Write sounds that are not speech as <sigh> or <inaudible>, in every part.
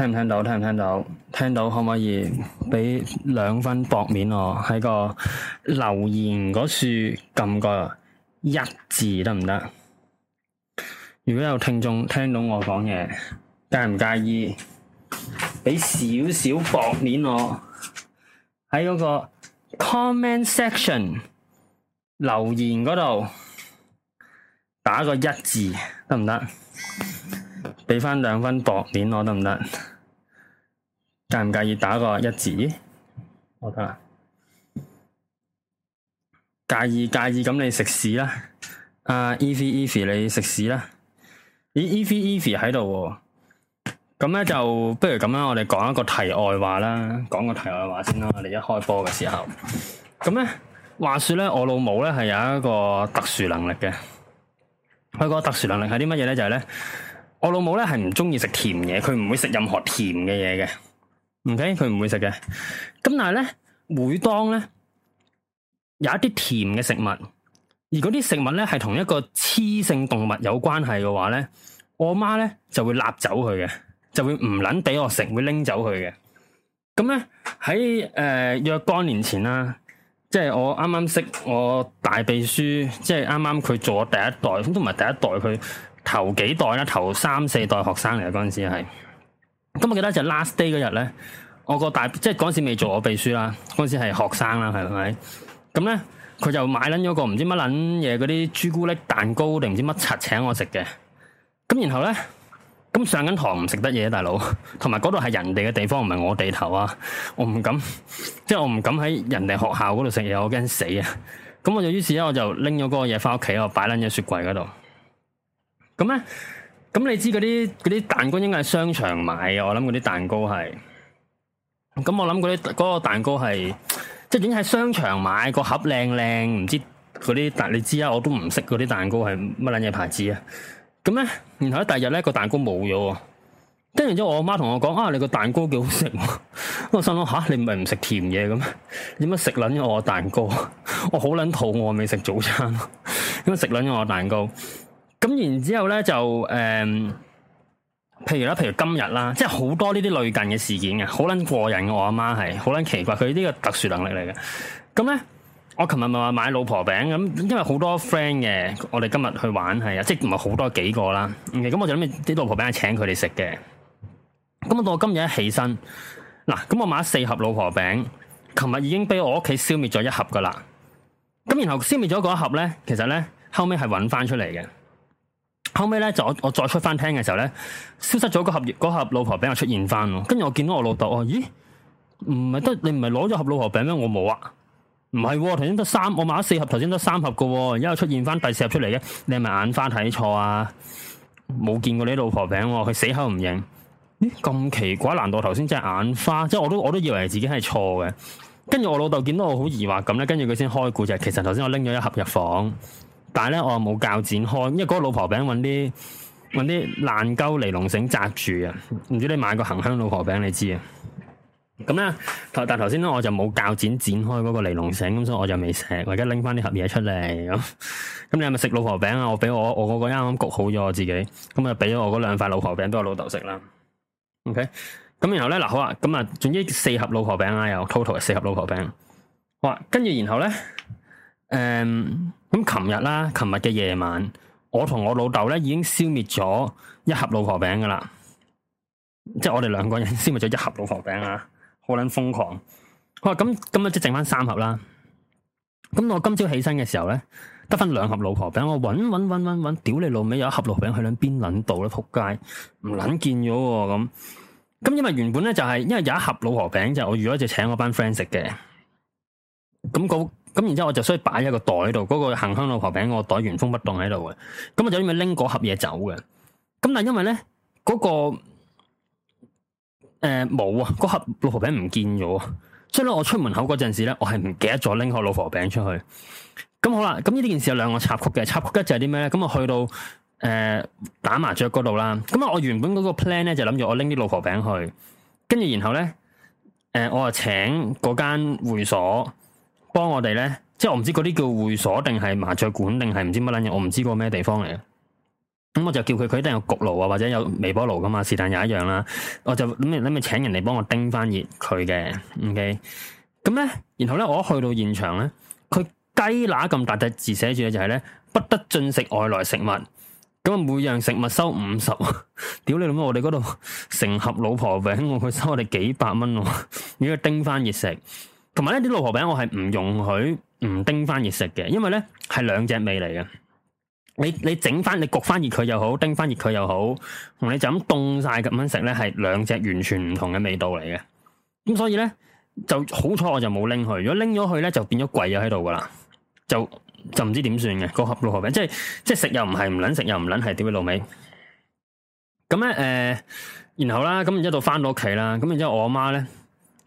聽唔聽到？聽唔聽到？聽到，可唔可以俾兩分薄面我喺個留言嗰處撳個一字得唔得？如果有聽眾聽到我講嘢，介唔介意俾少少薄面我喺嗰個 comment section 留言嗰度打個一字得唔得？行俾翻兩分薄面我得唔得？ <laughs> 介唔介意打個一字？我得介意介意，咁你食屎啦！啊，Evy Evy，你食屎啦！咦，Evy Evy 喺度喎。咁咧、e e 啊、就不如咁啦，我哋講一個題外話啦，講個題外話先啦。你一開波嘅時候，咁咧話説咧，我老母咧係有一個特殊能力嘅。佢個特殊能力係啲乜嘢咧？就係、是、咧。我老母咧係唔中意食甜嘢，佢唔會食任何甜嘅嘢嘅，唔 k 佢唔會食嘅。咁但係咧，每當咧有一啲甜嘅食物，而嗰啲食物咧係同一個雌性動物有關係嘅話咧，我媽咧就會立走佢嘅，就會唔捻俾我食，會拎走佢嘅。咁咧喺誒若干年前啦，即係我啱啱識我大秘書，即係啱啱佢做我第一代，咁都唔係第一代佢。頭幾代啦，頭三四代學生嚟嗰陣時係，咁我記得就 last day 嗰日咧，我個大即係嗰陣時未做我秘書啦，嗰陣時係學生啦，係咪？咁咧佢就買捻咗個唔知乜捻嘢，嗰啲朱古力蛋糕定唔知乜柒請我食嘅，咁然後咧，咁上緊堂唔食得嘢，大佬，同埋嗰度係人哋嘅地方，唔係我地頭啊，我唔敢，即係我唔敢喺人哋學校嗰度食嘢，我驚死啊！咁我就於是咧，我就拎咗嗰個嘢翻屋企，我擺捻咗雪櫃嗰度。咁咧，咁、嗯嗯、你知嗰啲啲蛋糕應該喺商場買啊。我諗嗰啲蛋糕係，咁、嗯、我諗嗰啲個蛋糕係，即係已喺商場買個盒靚靚，唔知嗰啲蛋你知啊，我都唔識嗰啲蛋糕係乜卵嘢牌子啊。咁、嗯、咧，然後咧，第二日咧個蛋糕冇咗，跟住之後我媽同我講啊，你個蛋糕幾好食， <laughs> 我心諗吓、啊，你唔係唔食甜嘢嘅咩？點解食卵咗我蛋糕？我好卵肚餓，我未食早餐，點解食卵咗我蛋糕。咁然之後咧就誒、嗯，譬如啦，譬如今日啦，即係好多呢啲類近嘅事件嘅，好捻過癮嘅我阿媽係，好捻奇怪，佢呢個特殊能力嚟嘅。咁、嗯、咧，我琴日咪話買老婆餅咁，因為好多 friend 嘅，我哋今日去玩係啊，即係唔係好多幾個啦。咁、嗯、我就諗住啲老婆餅係請佢哋食嘅。咁、嗯、我到今日一起身，嗱，咁我買咗四盒老婆餅，琴日已經俾我屋企消滅咗一盒噶啦。咁然後消滅咗嗰一盒咧，其實咧後尾係搵翻出嚟嘅。後尾咧就我，我再出翻廳嘅時候咧，消失咗個盒嗰盒老婆餅又出現翻，跟住我見到我老豆哦，咦，唔係得你唔係攞咗盒老婆餅咩？我冇啊，唔係喎，頭先得三，我買咗四盒，頭先得三盒嘅喎，而家又出現翻第四盒出嚟嘅，你係咪眼花睇錯啊？冇見過你老婆餅喎，佢死口唔認，咦咁奇怪，難道頭先真係眼花？即係我都我都以為自己係錯嘅，跟住我老豆見到我好疑惑咁咧，跟住佢先開估就，其實頭先我拎咗一盒入房。但係咧，我冇鉸剪剪開，因為嗰個老婆餅揾啲揾啲爛鳩尼龍繩紮住啊！唔知你買個恒香老婆餅你知啊？咁咧，但係頭先咧我就冇鉸剪剪開嗰個尼龍繩，咁所以我就未食。我而家拎翻啲盒嘢出嚟咁。咁 <laughs> 你係咪食老婆餅啊？我俾我我嗰個啱啱焗好咗我自己，咁啊俾咗我嗰兩塊老婆餅俾我老豆食啦。OK，咁然後咧嗱好啊，咁啊總之四盒老婆餅啦、啊，有 total 四盒老婆餅。哇、啊！跟住然後咧，誒、嗯。咁琴日啦，琴日嘅夜晚，我同我老豆咧已經消滅咗一盒老婆餅噶啦，即係我哋兩個人消滅咗一盒老婆餅啊，好捻瘋狂！哇，咁咁啊，即係剩翻三盒啦。咁我今朝起身嘅時候咧，得翻兩盒老婆餅，我搵搵搵搵搵，屌你老味！有一盒老婆餅去捻邊捻度咧，撲街唔捻見咗咁。咁因為原本咧就係、是，因為有一盒老婆餅就我預咗就請我班 friend 食嘅，咁、那個。咁然之後我就需要擺喺個袋度，嗰、那個恆香老婆餅個袋原封不動喺度嘅，咁我就咁樣拎嗰盒嘢走嘅。咁但係因為咧嗰、那個誒冇啊，嗰、呃、盒老婆餅唔見咗，所以咧我出門口嗰陣時咧，我係唔記得咗拎個老婆餅出去。咁好啦，咁呢啲件事有兩個插曲嘅，插曲一就係啲咩咧？咁啊去到誒、呃、打麻雀嗰度啦，咁啊我原本嗰個 plan 咧就諗住我拎啲老婆餅去，跟住然後咧誒、呃、我啊請嗰間會所。幫我哋咧，即係我唔知嗰啲叫會所定係麻雀館定係唔知乜撚嘢，我唔知個咩地方嚟嘅。咁我就叫佢，佢一定有焗爐啊，或者有微波爐噶嘛，是但也一樣啦。我就諗住諗住，請人嚟幫我叮翻熱佢嘅。OK，咁咧，然後咧，我一去到現場咧，佢雞乸咁大隻字寫住嘅就係、是、咧，不得進食外來食物。咁啊，每樣食物收五十。屌 <laughs> 你老母，我哋嗰度成盒老婆餅、哦，我佢收我哋幾百蚊喎、哦，要 <laughs> 佢叮翻熱食。同埋呢啲老婆餅我係唔容許唔叮翻熱食嘅，因為咧係兩隻味嚟嘅。你你整翻你焗翻熱佢又好，叮翻熱佢又好，同你就咁凍晒咁樣食咧，係兩隻完全唔同嘅味道嚟嘅。咁所以咧就好彩我就冇拎去，如果拎咗去咧就變咗貴咗喺度噶啦，就就唔知點算嘅。個盒老婆餅即係即係食又唔係唔捻食又唔捻係點嘅老味。咁咧誒，然後啦，咁然之後翻到屋企啦，咁然之後呢我阿媽咧。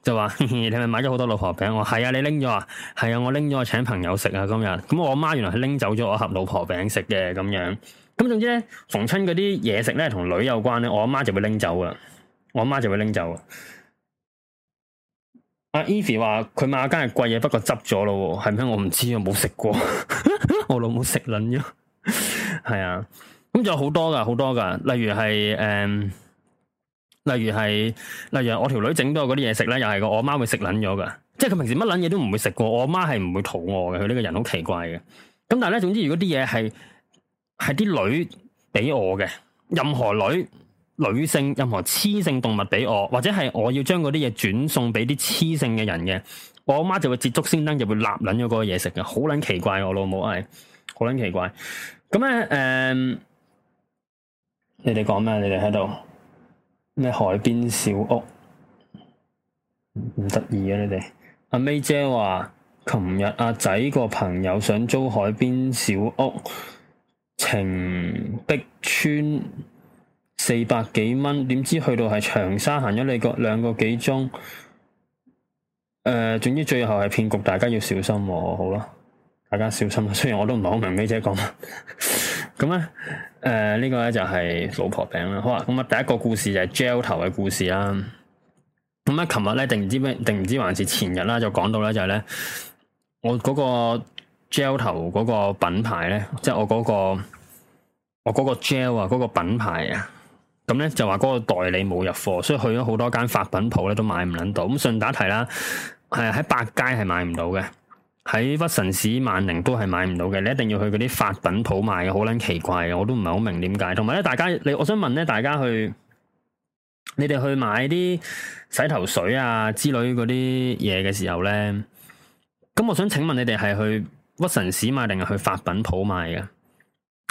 就話你咪買咗好多老婆餅，我係啊，你拎咗啊，係啊，我拎咗我請朋友食啊，今日咁我阿媽原來係拎走咗我盒老婆餅食嘅咁樣，咁總之咧逢親嗰啲嘢食咧同女有關咧，我阿媽就會拎走啊，我阿媽就會拎走啊。阿 Eve 話佢買間係貴嘢，不過執咗咯，係咪？我唔知啊，冇食過， <laughs> 我老母食撚咗。係 <laughs> 啊，咁仲有好多噶，好多噶，例如係誒。嗯例如係，例如我條女整咗嗰啲嘢食咧，又係個我阿媽會食捻咗噶，即係佢平時乜捻嘢都唔會食過。我阿媽係唔會肚餓嘅，佢呢個人好奇怪嘅。咁但係咧，總之如果啲嘢係係啲女俾我嘅，任何女女性，任何雌性動物俾我，或者係我要將嗰啲嘢轉送俾啲雌性嘅人嘅，我阿媽就會捷足先登，就會立捻咗嗰個嘢食嘅，好捻奇怪我老母係，好捻奇怪。咁咧，誒、嗯，你哋講咩？你哋喺度？咩海邊小屋唔得意啊！你哋阿 May 姐話，琴日阿仔個朋友想租海邊小屋，澄碧村四百幾蚊，點知去到係長沙行咗你兩個兩個幾鐘？誒、呃，總之最後係騙局，大家要小心哦、啊！好啦，大家小心啦、啊。雖然我都唔係好明，May 姐講。 <laughs> 咁咧，誒呢、呃這個咧就係老婆餅啦。好啊，咁啊，第一個故事就係 Gel 頭嘅故事啦。咁、嗯、啊，琴日咧，定唔知咩，定唔知還是前日啦，就講到咧，就係、是、咧，我嗰個 Gel 頭嗰個品牌咧，即、就、係、是、我嗰、那個我嗰個 Gel 啊，嗰、那個品牌啊，咁咧就話嗰個代理冇入貨，所以去咗好多間髮品鋪咧都買唔撚到。咁順打題啦，係喺百佳係買唔到嘅。喺屈臣氏、萬寧都係買唔到嘅，你一定要去嗰啲髮品鋪買嘅，好撚奇怪嘅，我都唔係好明點解。同埋咧，大家你我想問咧，大家去你哋去買啲洗頭水啊之類嗰啲嘢嘅時候咧，咁我想請問你哋係去屈臣氏買定係去髮品鋪買嘅？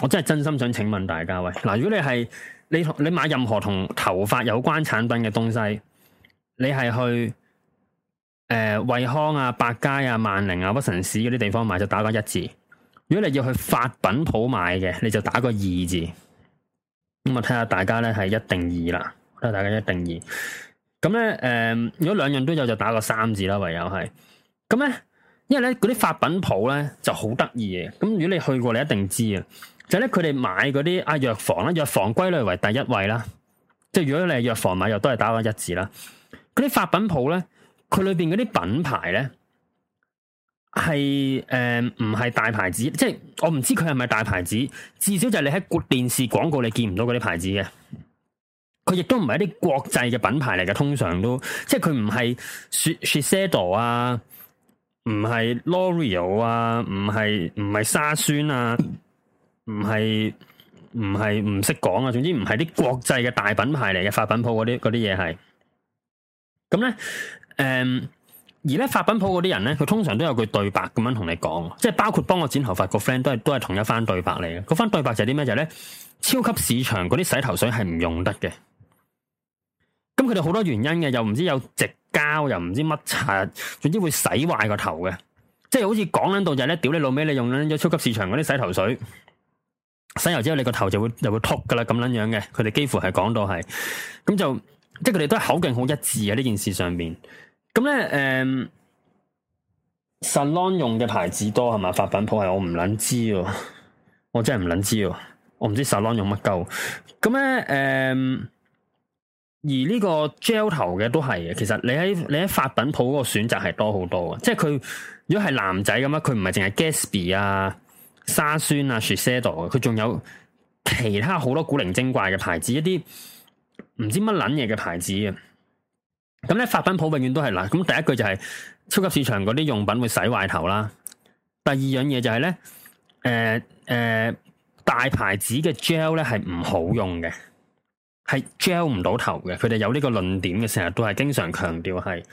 我真係真心想請問大家喂。嗱，如果你係你你買任何同頭髮有關產品嘅東西，你係去？誒、呃，惠康啊、百佳啊、萬寧啊、屈臣氏嗰啲地方買就打個一字；如果你要去髮品舖買嘅，你就打個二字。咁我睇下大家咧係一定義啦，睇下大家一定二。咁咧，誒、呃，如果兩樣都有就打個三字啦，唯有係。咁咧，因為咧嗰啲髮品舖咧就好得意嘅。咁如果你去過，你一定知嘅。就咧、是，佢哋買嗰啲啊藥房啦，藥房歸類為第一位啦。即係如果你係藥房買藥都係打個一字啦。嗰啲髮品舖咧。佢裏邊嗰啲品牌咧，係誒唔係大牌子，即係我唔知佢係咪大牌子，至少就係你喺電視廣告你見唔到嗰啲牌子嘅。佢亦都唔係一啲國際嘅品牌嚟嘅，通常都即係佢唔係 Shiseido 啊，唔係 L'Oreal 啊，唔係唔係沙宣啊，唔係唔係唔識講啊，總之唔係啲國際嘅大品牌嚟嘅，髮品鋪嗰啲嗰啲嘢係，咁咧。誒、嗯，而咧髮品鋪嗰啲人咧，佢通常都有句對白咁樣同你講，即係包括幫我剪頭髮個 friend 都係都係同一番對白嚟嘅。嗰番對白就係啲咩？就咧、是、超級市場嗰啲洗頭水係唔用得嘅。咁佢哋好多原因嘅，又唔知有直膠，又唔知乜擦，總之會洗壞個頭嘅。即係好似講緊到就係、是、咧，屌你老味，你用咗超級市場嗰啲洗頭水洗頭之後，你個頭就會就會禿噶啦，咁樣這樣嘅。佢哋幾乎係講到係咁就，即係佢哋都係口徑好一致喺呢件事上面。咁咧，誒，salon、嗯、用嘅牌子多係嘛？化品鋪係我唔撚知喎， <laughs> 我真係唔撚知喎，我唔知 salon 用乜鳩。咁咧，誒，而呢個 gel 頭嘅都係嘅。其實你喺你喺化品鋪嗰個選擇係多好多嘅。即係佢如果係男仔咁啊，佢唔係淨係 Gatsby 啊、沙宣啊、Shu Sado 佢仲有其他好多古靈精怪嘅牌子，一啲唔知乜撚嘢嘅牌子啊。咁咧，髮品鋪永遠都係喇，咁第一句就係超級市場嗰啲用品會洗壞頭啦。第二樣嘢就係、是、咧，誒、呃、誒、呃，大牌子嘅 gel 咧係唔好用嘅，係 gel 唔到頭嘅。佢哋有呢個論點嘅，成日都係經常強調係。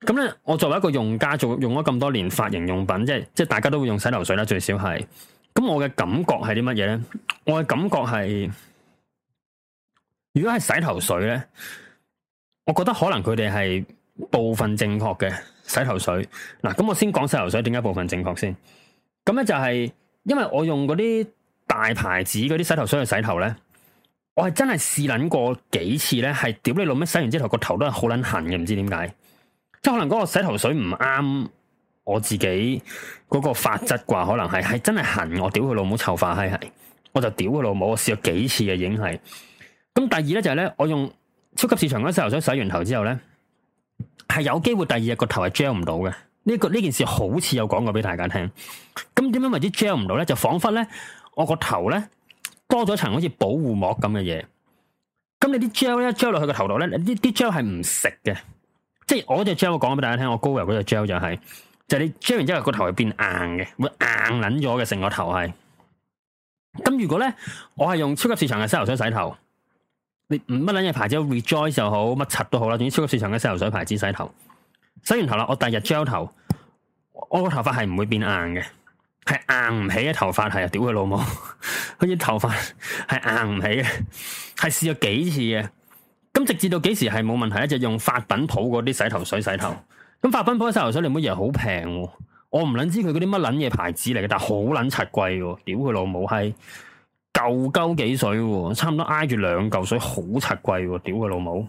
咁咧，我作為一個用家，做用咗咁多年髮型用品，即係即係大家都會用洗頭水啦，最少係。咁我嘅感覺係啲乜嘢咧？我嘅感覺係，如果係洗頭水咧。我覺得可能佢哋係部分正確嘅洗頭水嗱，咁我先講洗頭水點解部分正確先。咁咧就係因為我用嗰啲大牌子嗰啲洗頭水去洗頭咧，我係真係試捻過幾次咧，係屌你老母洗完之後個頭都係好捻痕嘅，唔知點解。即係可能嗰個洗頭水唔啱我自己嗰個髮質啩，可能係係真係痕，我屌佢老母臭化閪，我就屌佢老母，我試咗幾次嘅已經係。咁第二咧就係咧，我用。超級市場嘅洗頭水洗完頭之後咧，係有機會第二日個頭係 gel 唔到嘅。呢個呢件事好似有講過俾大家聽。咁點樣為之 gel 唔到咧？就仿佛咧，我個頭咧多咗層好似保護膜咁嘅嘢。咁你啲 gel 咧 gel 落去個頭度咧，呢啲 gel 係唔食嘅。即係我嗰隻 gel 我講咗俾大家聽，我高油嗰隻 gel 就係，就係你 gel 完之後個頭係變硬嘅，會硬捻咗嘅，成個頭係。咁如果咧，我係用超級市場嘅洗頭水洗頭。你乜撚嘢牌子，Rejoice 又好，乜柒都好啦。總之超級市場嘅洗頭水牌子洗頭，洗完頭啦，我第二日朝頭，我個頭髮係唔會變硬嘅，係硬唔起嘅頭髮係，屌佢老母，佢 <laughs> 啲頭髮係硬唔起嘅，係試咗幾次嘅，咁直至到幾時係冇問題，就用發品鋪嗰啲洗頭水洗頭。咁發品鋪嘅洗頭水你唔好以為好平，我唔捻知佢嗰啲乜撚嘢牌子嚟嘅，但係好撚柒貴，屌佢老母閪。舊鳩幾水喎，啊，差唔多挨住兩嚿水，好柒貴喎，屌佢老母！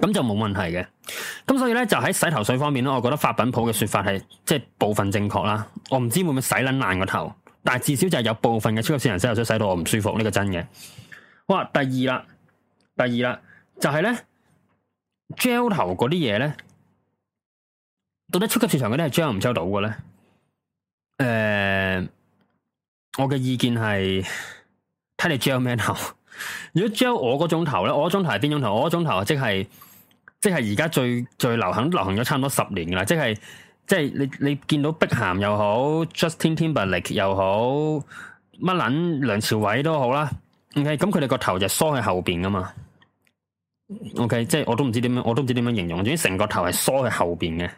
咁就冇問題嘅，咁所以咧就喺洗頭水方面咧，我覺得髮品鋪嘅說法係即係部分正確啦。我唔知會唔會洗撚爛個頭，但係至少就係有部分嘅超級市場洗頭水洗到我唔舒服，呢、這個真嘅。哇，第二啦，第二啦，就係、是、咧，Gel 頭嗰啲嘢咧，到底超級市場嗰啲係 Gel 唔 Gel 到嘅咧？誒、呃。我嘅意見係睇你 Gel 咩頭？如果 Gel 我嗰種頭咧，我嗰種頭係邊種頭？我嗰種頭即係即係而家最最流行，流行咗差唔多十年噶啦。即係即係你你見到碧咸又好，Justin Timberlake 又好，乜捻梁朝偉都好啦。OK，咁佢哋個頭就梳喺後邊噶嘛。OK，即係我都唔知點樣，我都唔知點樣形容。總之成個頭係梳喺後邊嘅。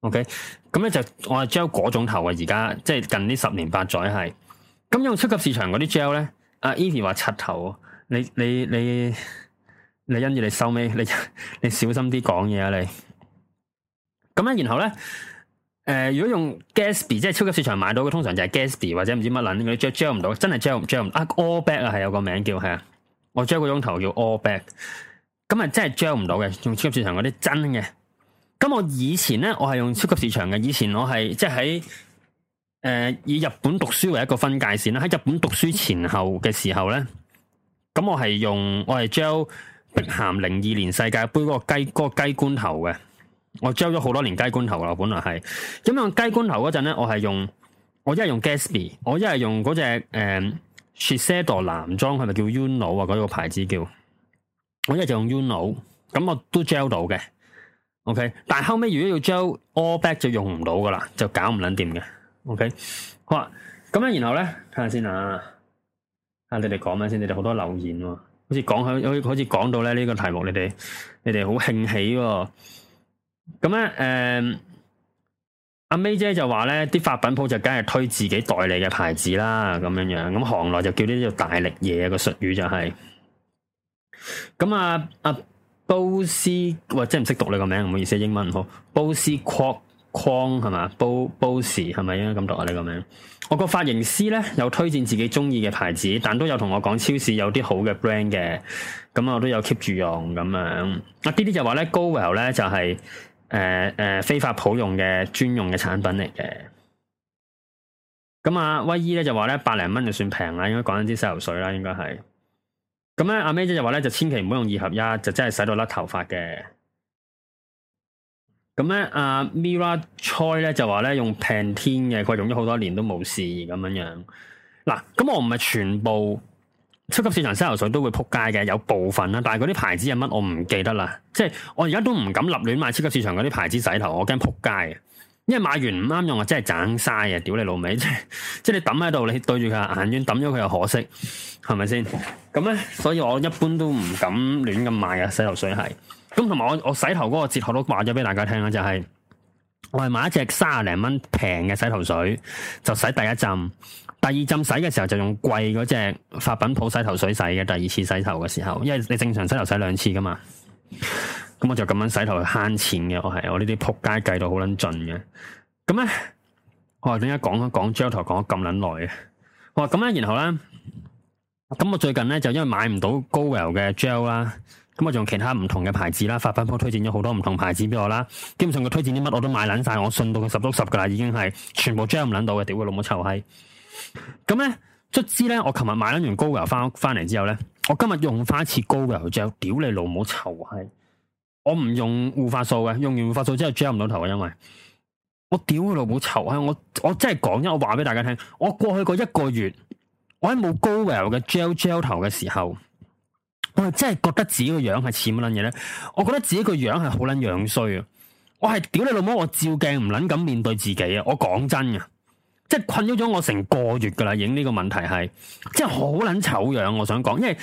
OK，咁咧就我係 Gel 嗰種頭啊！而家即係近呢十年八載係。咁用超級市場嗰啲 gel 咧，阿 Evie 話柒頭，你你你你因住你收尾，你你，你，你，你，你小心啲講嘢啊你。咁咧，然後咧，誒、呃，如果用 Gatsby 即係超級市場買到嘅，通常就係 Gatsby 或者唔知乜撚，你着 gel 唔到，真係 gel 唔 gel 唔，啊 All Back 啊係有個名叫係啊，我着個鐘頭叫 All Back，咁啊真係 gel 唔到嘅，用超級市場嗰啲真嘅。咁我以前咧，我係用超級市場嘅，以前我係即係喺。誒，以日本讀書為一個分界線啦。喺日本讀書前後嘅時候咧，咁我係用我係 gel 碧咸零二年世界杯嗰個雞嗰個雞冠頭嘅。我 gel 咗好多年雞冠頭啦，本來係。咁樣雞冠頭嗰陣咧，我係用 by, 我一係用 Gatsby，我一係用嗰隻誒、呃、Shiseido 男裝，係咪叫 Uno 啊？嗰個牌子叫我一係就用 Uno 咁我都 gel 到嘅。OK，但係後尾如果要 gel all back 就用唔到噶啦，就搞唔捻掂嘅。OK，好啊，咁樣然後咧，睇下先啊，啊你哋講咩先？你哋好多留言喎、哦，好似講響，好似講到咧呢個題目你，你哋你哋好興起喎、哦。咁、嗯、咧，誒、啊，阿 May 姐就話咧，啲髮品鋪就梗係推自己代理嘅牌子啦，咁樣樣。咁行內就叫呢啲叫大力嘢、個術語就係、是。咁、嗯、啊，阿、啊、b 布斯，或者唔識讀你個名，唔好意思，英文唔好，布斯擴。框係嘛，煲波士係咪應該咁讀啊，你個名。我個髮型師咧有推薦自己中意嘅牌子，但都有同我講超市有啲好嘅 brand 嘅，咁、嗯、我都有 keep 住用咁樣、嗯。啊啲 B 就話咧 Go Well 咧就係誒誒非法普用嘅專用嘅產品嚟嘅。咁啊威姨咧就話咧百零蚊就算平啦，應該講一啲洗頭水啦，應該係。咁咧阿 May 姐就話咧就千祈唔好用二合一，就真係洗到甩頭髮嘅。.咁咧，阿、嗯、Mira Choi 咧就話咧用潘婷嘅，佢用咗好多年都冇事咁樣樣。嗱、啊，咁我唔係全部超級市場洗頭水都會扑街嘅，有部分啦。但係嗰啲牌子係乜，我唔記得啦。即係我而家都唔敢立亂買超級市場嗰啲牌子洗頭，我驚扑街。因為買完唔啱用啊，真係盞晒嘅。屌你老味。 <laughs> 即係即係你抌喺度，你對住佢眼冤抌咗佢又可惜，係咪先？咁咧，所以我一般都唔敢亂咁買啊，洗頭水係。咁同埋我我洗頭嗰個哲學都話咗俾大家聽啦，就係、是、我係買一隻三十零蚊平嘅洗頭水，就洗第一浸，第二浸洗嘅時候就用貴嗰隻髮品舖洗頭水洗嘅，第二次洗頭嘅時候，因為你正常洗頭洗兩次噶嘛，咁我就咁樣洗頭慳錢嘅，我係我呢啲撲街計到好撚盡嘅，咁咧我話，點解講講 gel 頭講咗咁撚耐嘅，我話咁咧然後咧，咁我最近咧就因為買唔到高油嘅 gel 啦。咁啊，嗯、我用其他唔同嘅牌子啦，髮品鋪推薦咗好多唔同牌子俾我啦。基本上佢推薦啲乜，我都買捻晒，我信到佢十足十噶啦，已經係全部 gel 唔捻到嘅。屌佢老母臭閪！咁咧，卒之咧，我琴日買完高油翻翻嚟之後咧，我今日用翻一次高油 gel，之後，屌你老母臭閪！我唔用護髮素嘅，用完護髮素之後 gel 唔到頭嘅，因為，我屌佢老母臭閪！我我真係講啫，我話俾大家聽，我過去個一個月，我喺冇高油嘅 gel gel 頭嘅時候。我係真係覺得自己個樣係似乜捻嘢？咧？我覺得自己個樣係好捻樣衰啊！我係屌你老母！我照鏡唔捻敢面對自己啊！我講真啊，即係困擾咗我成個月噶啦，影呢個問題係，即係好捻醜樣。我想講，因為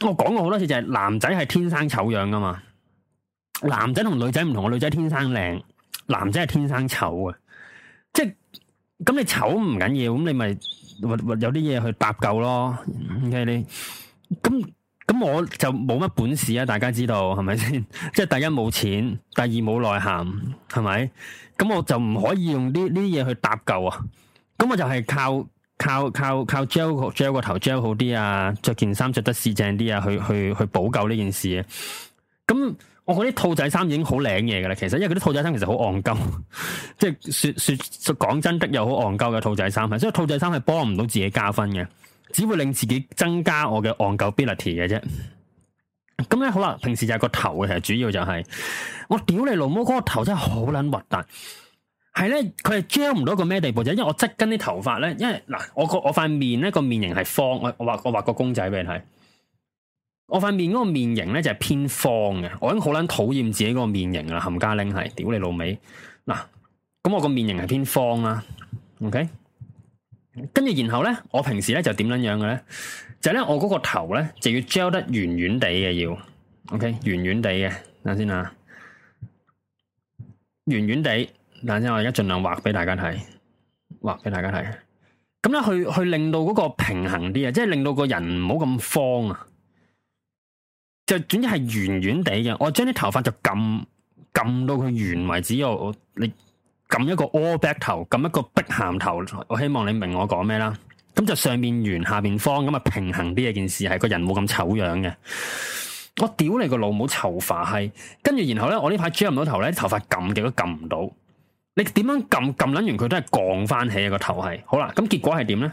我講過好多次，就係、是、男仔係天生醜樣噶嘛。男仔同女仔唔同，女仔天生靚，男仔係天生醜啊。即係咁，你醜唔緊要，咁你咪有啲嘢去搭救咯。嗯、OK，你咁。咁我就冇乜本事啊，大家知道係咪先？即係第一冇錢，第二冇內涵，係咪？咁我就唔可以用呢呢啲嘢去搭救啊！咁我就係靠靠靠靠 gel gel 個頭 gel 好啲啊，着件衫着得市正啲啊，去去去補救呢件事嘅、啊。咁我嗰啲兔仔衫已經好靚嘢噶啦，其實因為嗰啲兔仔衫其實好戇鳩，即係說說講真的又好戇鳩嘅兔仔衫，所以兔仔衫係幫唔到自己加分嘅。只會令自己增加我嘅 on-gevility 嘅啫。咁咧好啦，平時就係個頭嘅，其實主要就係、是、我屌你老母嗰、那個頭真係好撚核突。係咧，佢係遮唔到個咩地步啫。因為我側根啲頭髮咧，因為嗱，我個我塊面咧個面型係方。我我畫我畫個公仔俾你睇，我塊面嗰個面型咧就係、是、偏方嘅。我已經好撚討厭自己嗰個面型啦，冚家拎係屌你老味。嗱。咁我個面型係偏方啦，OK。跟住然後咧，我平時咧就點樣樣嘅咧，就咧我嗰個頭咧就要 gel 得圓圓地嘅要，OK 圓圓地嘅，等先啊，圓圓地，等先，我而家盡量畫俾大家睇，畫俾大家睇，咁咧去去令到嗰個平衡啲啊，即係令到個人唔好咁慌啊，就總之係圓圓地嘅，我將啲頭髮就撳撳到佢圓為止，又我你。撳一個 all back 頭，撳一個碧咸頭，我希望你明我講咩啦。咁就上面圓，下面方，咁啊平衡啲一件事係個人冇咁醜樣嘅。我屌你個老母臭化閪，跟住然後咧，我呢排剪唔到頭咧，頭髮撳極都撳唔到。你點樣撳撳捻完佢都係降翻起啊個頭係。好啦，咁結果係點咧？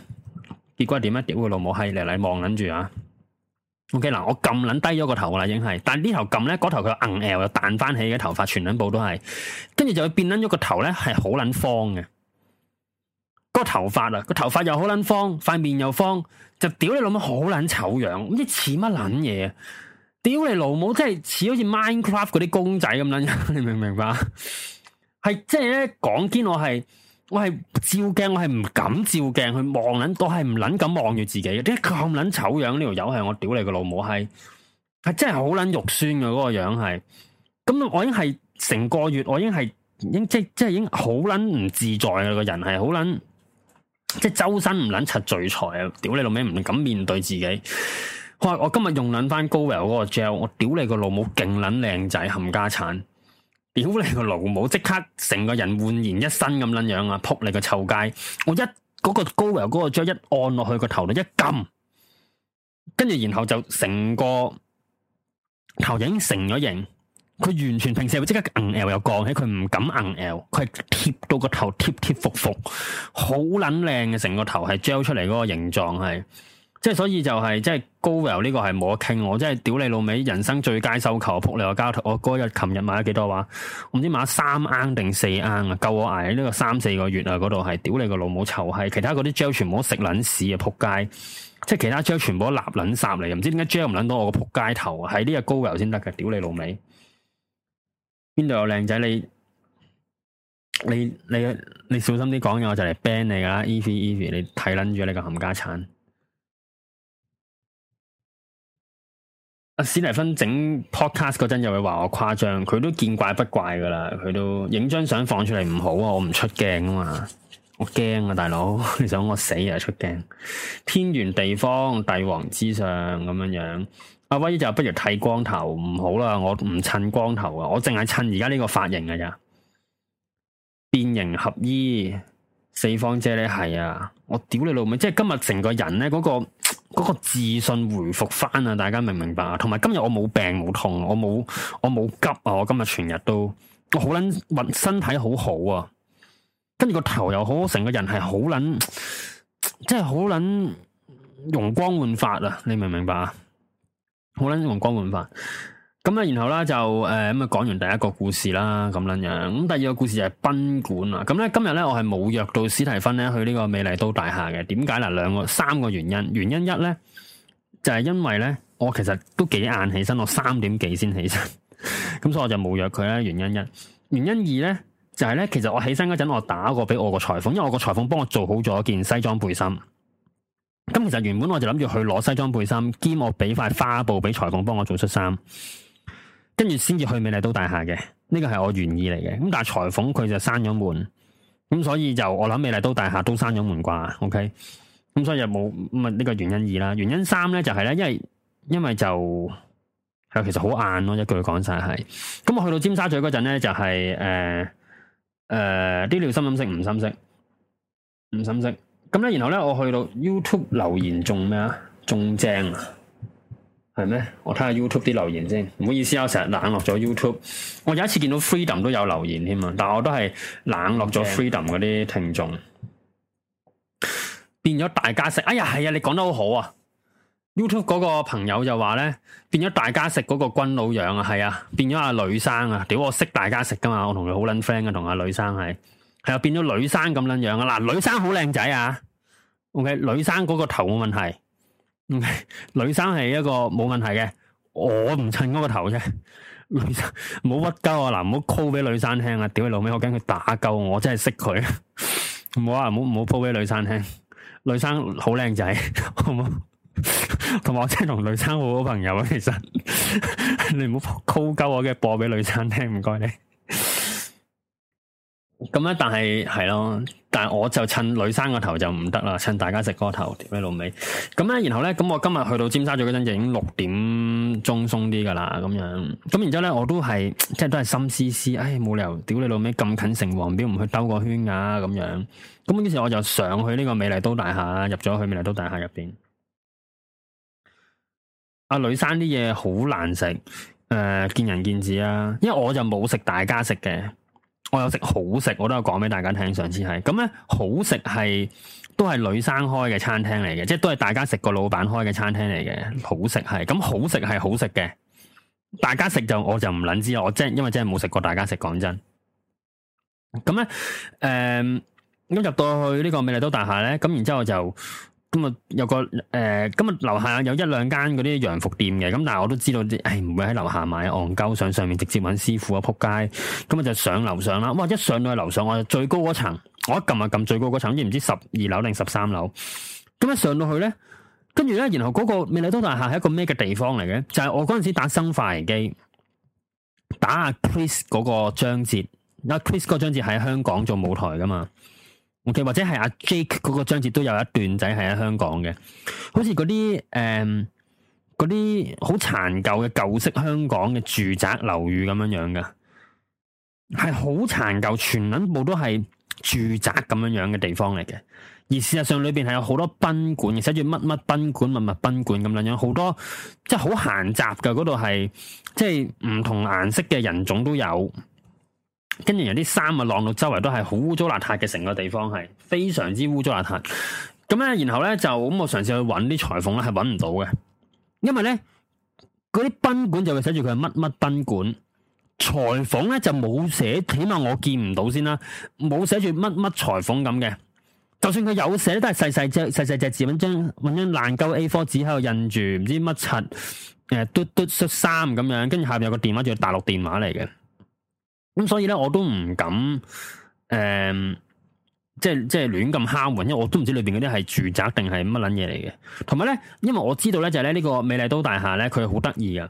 結果係點咧？屌個老母閪嚟嚟望緊住啊！OK 嗱，我撳捻低咗個頭啦，已經係，但呢頭撳咧，頭咚咚咚又頭個頭佢硬又彈翻起嘅頭髮，全捻部都係，跟住就會變捻咗個頭咧，係好捻方嘅。個頭髮啊，個頭髮又好捻方，塊面又方，就屌你老母好捻醜樣，咁似乜捻嘢？屌你老母，真係似好似 Minecraft 嗰啲公仔咁捻，你明唔明白？係即係咧，講堅我係。我係照鏡，我係唔敢照鏡去望捻，我係唔捻敢望住自己。點解咁捻醜樣？呢條友係我屌你個老母閪，係真係好捻肉酸嘅嗰個樣係。咁我已經係成個月，我已經係，已經即係即係已經好捻唔自在嘅個人，係好捻即係周身唔捻柒聚財啊！屌你老味唔敢面對自己。我我今日用捻翻高偉嗰個 gel 我屌你個老母，勁捻靚仔，冚家產。屌你個老母！即刻成個人煥然一新咁捻樣啊！撲你個臭街！我一嗰個高油嗰個膠一按落去個頭度一撳，跟住然後就成個頭已經成咗型。佢完全平時會即刻硬 L 又降起，佢唔敢硬 L，佢係貼到個頭貼貼服服，好捻靚嘅成個頭係膠出嚟嗰個形狀係。即係所以就係、是、即係高油呢個係冇得傾我真係屌你老味，人生最佳收球扑你、這個膠頭我嗰日琴日買咗幾多話我唔知買咗三罌定四罌啊夠我挨呢個三四個月啊嗰度係屌你個老母臭閪其他嗰啲 gel 全部都食撚屎啊扑街即係其他 gel 全部都垃撚圾嚟。又唔知點解 gel 唔撚到我個扑街頭喺呢個高油先得嘅屌你老味，邊度有靚仔你你你,你,你小心啲講嘢我就嚟 ban 你噶啦 Evie Evie 你睇撚住你,你個冚家鏟。史蒂芬整 podcast 嗰陣又會話我誇張，佢都見怪不怪噶啦，佢都影張相放出嚟。唔好啊，我唔出鏡啊嘛，我驚啊大佬，你 <laughs> 想我死啊出鏡，天圓地方，帝王之上咁樣樣。阿威就不如剃光頭唔好啦，我唔襯光頭啊，我淨係襯而家呢個髮型噶咋，變形合衣，四方姐咧係啊，我屌你老母，即係今日成個人咧嗰個。嗰個自信回復翻啊！大家明唔明白啊？同埋今日我冇病冇痛，我冇我冇急啊！我今日全日都我好捻運，身體好好啊！跟住個頭又好，成個人係好捻，即係好捻容光煥發啊！你明唔明白啊？好捻容光煥發。咁咧，然後咧就誒咁啊，講完第一個故事啦，咁樣樣。咁第二個故事就係賓館啊。咁咧今日咧，我係冇約到史提芬咧去呢個美麗都大廈嘅。點解嗱，兩個、三個原因。原因一咧，就係因為咧，我其實都幾晏起身，我三點幾先起身，咁所以我就冇約佢啦。原因一。原因二咧，就係咧，其實我起身嗰陣，我打過俾我個裁縫，因為我個裁縫幫我做好咗件西裝背心。咁其實原本我就諗住去攞西裝背心，兼我俾塊花布俾裁縫幫我做恤衫。.跟住先至去美麗都大廈嘅，呢個係我原意嚟嘅。咁但係裁縫佢就閂咗門，咁所以就我諗美麗都大廈都閂咗門啩。OK，咁所以又冇咁啊，呢個原因二啦。原因三咧就係咧，因為因為就係其實好晏咯，一句講晒係。咁我去到尖沙咀嗰陣咧就係誒誒啲料深唔深色，唔深色。咁咧然後咧我去到 YouTube 留言，仲咩啊？仲正。係咩？我睇下 YouTube 啲留言先。唔好意思啊，成日冷落咗 YouTube。我有一次見到 Freedom 都有留言添啊，但係我都係冷落咗 Freedom 嗰啲聽眾。棒變咗大家食。哎呀，係啊，你講得好好啊。YouTube 嗰個朋友就話咧，變咗大家食嗰個軍佬樣啊。係啊，變咗阿女生啊。屌，我識大家食㗎嘛，我同佢好撚 friend 啊，同阿女生係，係啊，變咗女生咁撚樣啊。嗱，女生好靚仔啊。OK，女生嗰個頭冇問題。女生係一個冇問題嘅，我唔襯嗰個頭啫，女生唔好屈鳩啊，嗱，唔好 call 俾女生聽啊，屌你老味，我驚佢打鳩我，我真係識佢。唔好啊，唔好唔好播俾女生聽。女生好靚仔，好唔好？同埋我真係同女生好好朋友啊，其實你唔好 call 鳩我嘅，我播俾女生聽，唔該你。.咁咧、嗯，但係係咯，但係我就趁女生個頭就唔得啦，趁大家食嗰個頭，屌你老味。咁、嗯、咧，然後咧，咁、嗯、我今日去到尖沙咀嗰陣就已經六點鐘鬆啲噶啦，咁樣，咁然之後咧，我都係即係都係心思思，唉、哎，冇理由，屌你老味咁近城隍廟唔去兜個圈噶、啊，咁樣，咁於是我就上去呢個美麗都大廈，入咗去美麗都大廈入邊。阿、啊、女生啲嘢好難食，誒、呃，見仁見智啊，因為我就冇食，大家食嘅。我有食好食，我都有講俾大家聽。上次係咁咧，好食係都係女生開嘅餐廳嚟嘅，即係都係大家食過老闆開嘅餐廳嚟嘅。好食係咁好食係好食嘅，大家食就我就唔捻知，我真係因為真係冇食過大家食，講真。咁咧，誒、呃，咁入到去呢個美麗都大廈咧，咁然之後就。咁啊，有個誒、呃，今日樓下有一兩間嗰啲洋服店嘅，咁但係我都知道，誒唔會喺樓下買，昂鳩上上面直接揾師傅啊，扑街！咁啊就上樓上啦，哇！一上到去樓上，我係最高嗰層，我一撳啊撳最高嗰層，唔知唔知十二樓定十三樓。咁一上到去呢，跟住呢，然後嗰個美麗都大廈係一個咩嘅地方嚟嘅？就係、是、我嗰陣時打生化危機，打下 Chris 嗰個章節，阿 Chris 嗰個章節喺香港做舞台噶嘛。或者係阿 Jake 嗰個章節都有一段仔係喺香港嘅，好似嗰啲誒啲好殘舊嘅舊式香港嘅住宅樓宇咁樣樣噶係好殘舊，全撚部都係住宅咁樣樣嘅地方嚟嘅，而事實上裏邊係有好多賓館，寫住乜乜賓館、乜乜賓館咁樣樣，好多即係好閒雜嘅，嗰度係即係唔同顏色嘅人種都有。跟住有啲衫啊，晾到周圍都係好污糟邋遢嘅，成個地方係非常之污糟邋遢。咁咧，然後咧就咁，我嘗試去搵啲裁縫咧，係搵唔到嘅，因為咧嗰啲賓館就會寫住佢乜乜賓館，裁縫咧就冇寫，起碼我見唔到先啦，冇寫住乜乜裁縫咁嘅。就算佢有寫，都係細細隻、細細隻字，搵張搵張爛舊 A4 紙喺度印住，唔知乜柒誒，嘟嘟恤衫咁樣，跟住下邊有個電話，仲係大陸電話嚟嘅。咁所以咧，我都唔敢，誒、呃，即係即係亂咁敲門，因為我都唔知裏邊嗰啲係住宅定係乜捻嘢嚟嘅。同埋咧，因為我知道咧就係咧呢個美麗都大廈咧，佢好得意嘅，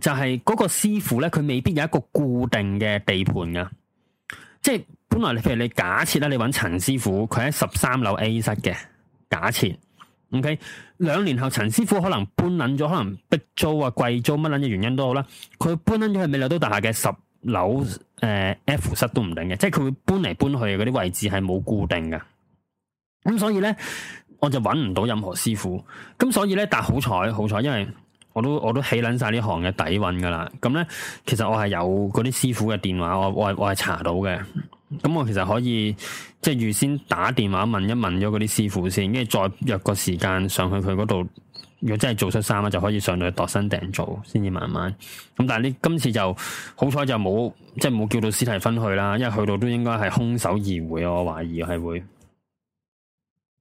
就係、是、嗰個師傅咧，佢未必有一個固定嘅地盤㗎。即係本來你譬如你假設啦，你搵陳師傅，佢喺十三樓 A 室嘅假設，OK，兩年後陳師傅可能搬捻咗，可能逼租啊貴租乜捻嘅原因都好啦，佢搬捻咗去美麗都大廈嘅十。樓誒、呃、F 室都唔定嘅，即係佢會搬嚟搬去嗰啲位置係冇固定嘅，咁所以咧，我就揾唔到任何師傅，咁所以咧但係好彩好彩，因為我都我都起捻晒呢行嘅底蘊噶啦，咁咧其實我係有嗰啲師傅嘅電話，我我我係查到嘅，咁我其實可以即係預先打電話問一問咗嗰啲師傅先，跟住再約個時間上去佢嗰度。如果真係做出衫啦，就可以上到去度身訂做，先至慢慢。咁但係呢今次就好彩就冇，即係冇叫到斯蒂分去啦，因為去到都應該係空手而回，我懷疑係會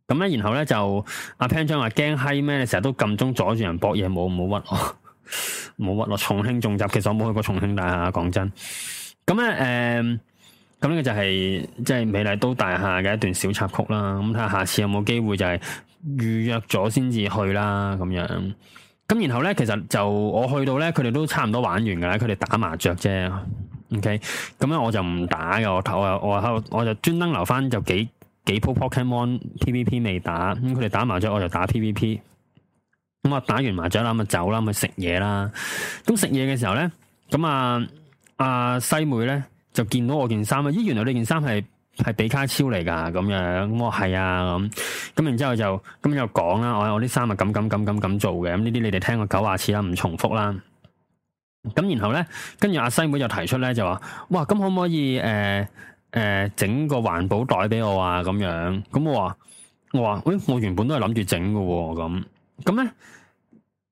咁咧。然後咧就阿、啊、p 潘長話驚閪咩？你成日都撳鐘阻住人博嘢，冇冇屈我？冇 <laughs> 屈我！重慶重集其實我冇去過重慶大廈，講真。咁咧誒，咁、呃、呢個就係即係美麗都大廈嘅一段小插曲啦。咁睇下下次有冇機會就係、是。預約咗先至去啦，咁樣。咁然後咧，其實就我去到咧，佢哋都差唔多玩完噶啦。佢哋打麻雀啫，OK。咁咧我就唔打嘅，我我我喺度，我就專登留翻就幾幾鋪 Pokemon PVP 未打。咁佢哋打麻雀，我就打 PVP 咁啊、嗯，打完麻雀啦，咪走啦，咪食嘢啦。咁食嘢嘅時候咧，咁啊啊西妹咧就見到我件衫啊！咦，原來你件衫係～係比卡超嚟噶咁樣咁我係啊咁，咁然之後就咁又講啦，我我啲衫啊咁咁咁咁咁做嘅，咁呢啲你哋聽過九話次啦，唔重複啦。咁然後咧，跟住阿西妹又提出咧就話，哇，咁可唔可以誒誒、呃呃，整個環保袋俾我啊咁樣？咁我話我話，喂、哎，我原本都係諗住整嘅喎，咁咁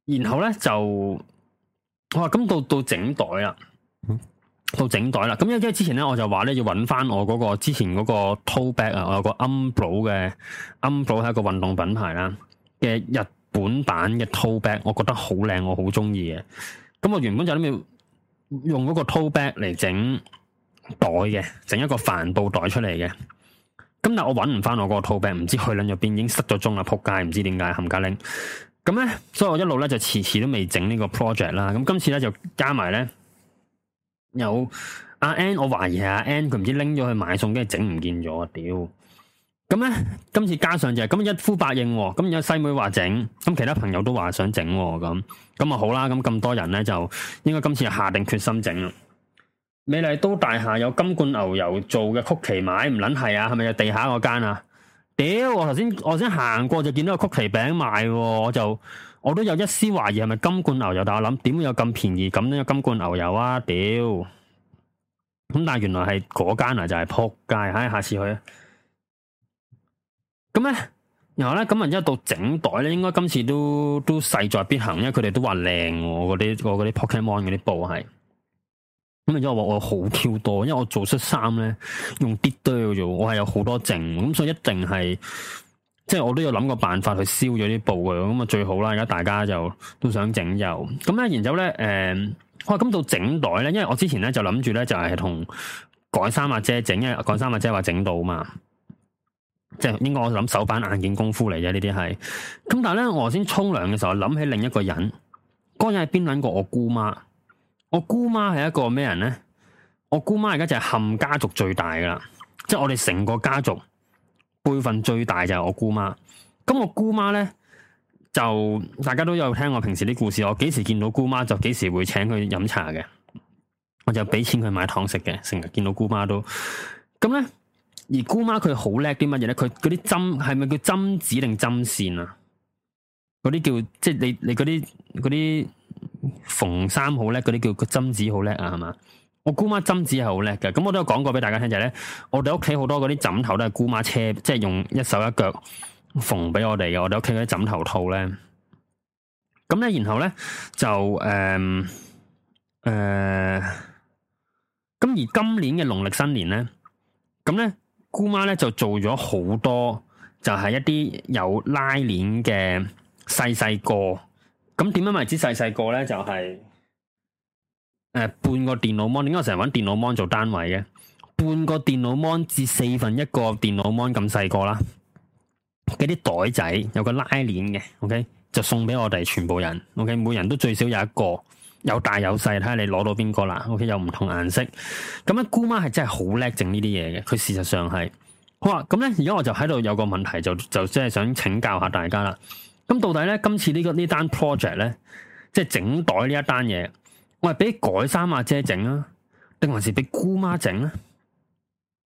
咧，然後咧就，我話咁到到整袋啊。嗯到整袋啦，咁因為之前咧我就話咧要搵翻我嗰個之前嗰個 tote bag 啊，我有個 umbro 嘅 umbro 係一個運動品牌啦嘅日本版嘅 tote bag，我覺得好靚，我好中意嘅。咁我原本就諗住用嗰個 tote bag 嚟整袋嘅，整一個帆布袋出嚟嘅。咁但係我搵唔翻我個 tote bag，唔知去捻咗邊，已經失咗蹤啦，撲街，唔知點解冚家拎。咁咧，所以我一路咧就遲遲都未整呢個 project 啦。咁今次咧就加埋咧。有阿 N，我懷疑阿 N 佢唔知拎咗去買餸，跟住整唔見咗，屌！咁咧，今次加上就係咁一呼百應喎，咁有細妹話整，咁其他朋友都話想整喎，咁咁啊好啦，咁咁多人咧就應該今次就下定決心整啦。美麗都大廈有金罐牛油做嘅曲奇買唔撚係啊，係咪有地下嗰間啊？屌！我頭先我先行過就見到個曲奇餅賣喎，我就～我都有一絲懷疑係咪金罐牛油，但我諗點會有咁便宜咁呢？嘅金罐牛油啊？屌！咁但係原來係嗰間啊，就係、是、仆街。唉、哎，下次去。咁咧，然後咧，咁啊，一到整袋咧，應該今次都都勢在必行，因為佢哋都話靚喎，啲我嗰啲 Pokemon 嗰啲布係。咁啊，因為我我好 Q 多，因為我做出衫咧用啲堆要做，我係有好多剩，咁所以一定係。即係我都要諗個辦法去燒咗啲布嘅，咁啊最好啦！而家大家就都想整又咁咧，然之後咧，誒、呃，哇、啊！咁到整袋咧，因為我之前咧就諗住咧就係同改衫阿姐整，誒，改衫阿姐話整到嘛，即係應該我諗手板眼見功夫嚟嘅呢啲係。咁但係咧，我先沖涼嘅時候諗起另一個人，嗰人係邊搵過我姑媽？我姑媽係一個咩人咧？我姑媽而家就係冚家族最大噶啦，即係我哋成個家族。輩份最大就係我姑媽，咁我姑媽咧就大家都有聽我平時啲故事，我幾時見到姑媽就幾時會請佢飲茶嘅，我就俾錢佢買糖食嘅，成日見到姑媽都，咁咧而姑媽佢好叻啲乜嘢咧？佢嗰啲針係咪叫針子定針線啊？嗰啲叫即係你你嗰啲嗰啲縫衫好叻，嗰啲叫個針子好叻啊係嘛？我姑媽針子係好叻嘅，咁我都有講過俾大家聽就係、是、咧，我哋屋企好多嗰啲枕頭都係姑媽車，即、就、係、是、用一手一腳縫俾我哋嘅。我哋屋企嗰啲枕頭套咧，咁咧然後咧就誒誒，咁、呃呃、而今年嘅農曆新年咧，咁咧姑媽咧就做咗好多就小小就小小，就係一啲有拉鏈嘅細細個，咁點樣為之細細個咧？就係。誒、呃，半個電腦芒，點解我成日玩電腦芒做單位嘅，半個電腦芒至四分一個電腦芒咁細個啦。嗰啲袋仔有個拉鏈嘅，OK，就送俾我哋全部人，OK，每人都最少有一個，有大有細，睇下你攞到邊個啦，OK，有唔同顏色。咁、嗯、樣姑媽係真係好叻整呢啲嘢嘅，佢事實上係，好、啊！咁、嗯、咧，而家我就喺度有個問題，就就即係想請教下大家啦。咁到底咧今次呢、這個呢單 project 咧，即係整袋呢一單嘢。我係俾改衫阿姐整啊，定還是俾姑媽整咧？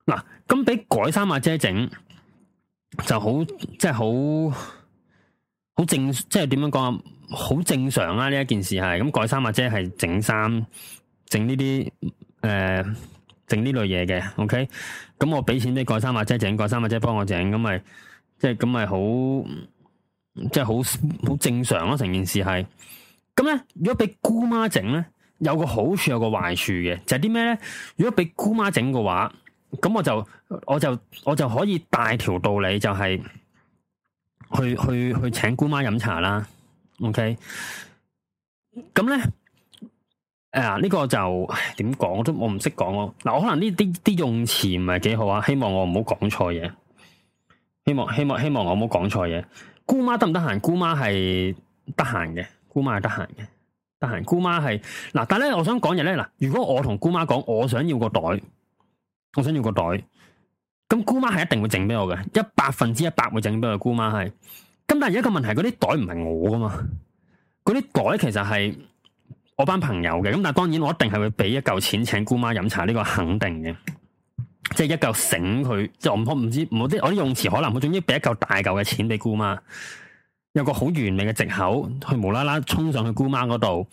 嗱，咁俾改衫阿姐整就好，即係好好正，即係點樣講啊？好正常啊，呢一件事係咁。改衫阿姐係整衫、整呢啲誒、整呢類嘢嘅。OK，咁我俾錢啲改衫阿姐整，改衫阿姐幫我整，咁咪即係咁咪好，即係好好正常咯。成件事係咁咧，如果俾姑媽整咧？有個好處有個壞處嘅，就係啲咩咧？如果俾姑媽整嘅話，咁我就我就我就可以大條道理就，就係去去去請姑媽飲茶啦。OK，咁咧誒，呢、啊這個就點講我都我唔識講咯。嗱，我、啊、可能呢啲啲用詞唔係幾好啊，希望我唔好講錯嘢。希望希望希望我唔好講錯嘢。姑媽得唔得閒？姑媽係得閒嘅，姑媽係得閒嘅。但閒，姑媽係嗱，但係咧，我想講嘢咧嗱，如果我同姑媽講我想要個袋，我想要個袋，咁姑媽係一定會整俾我嘅，一百分之一百會整俾我。姑媽係，咁但係一個問題，嗰啲袋唔係我噶嘛，嗰啲袋其實係我班朋友嘅，咁但係當然我一定係會俾一嚿錢請姑媽飲茶，呢個肯定嘅，即係一嚿醒佢，就係我唔好唔知，我我啲用詞可能，我總之俾一嚿大嚿嘅錢俾姑媽。有個好完美嘅藉口，佢無啦啦沖上去姑媽嗰度，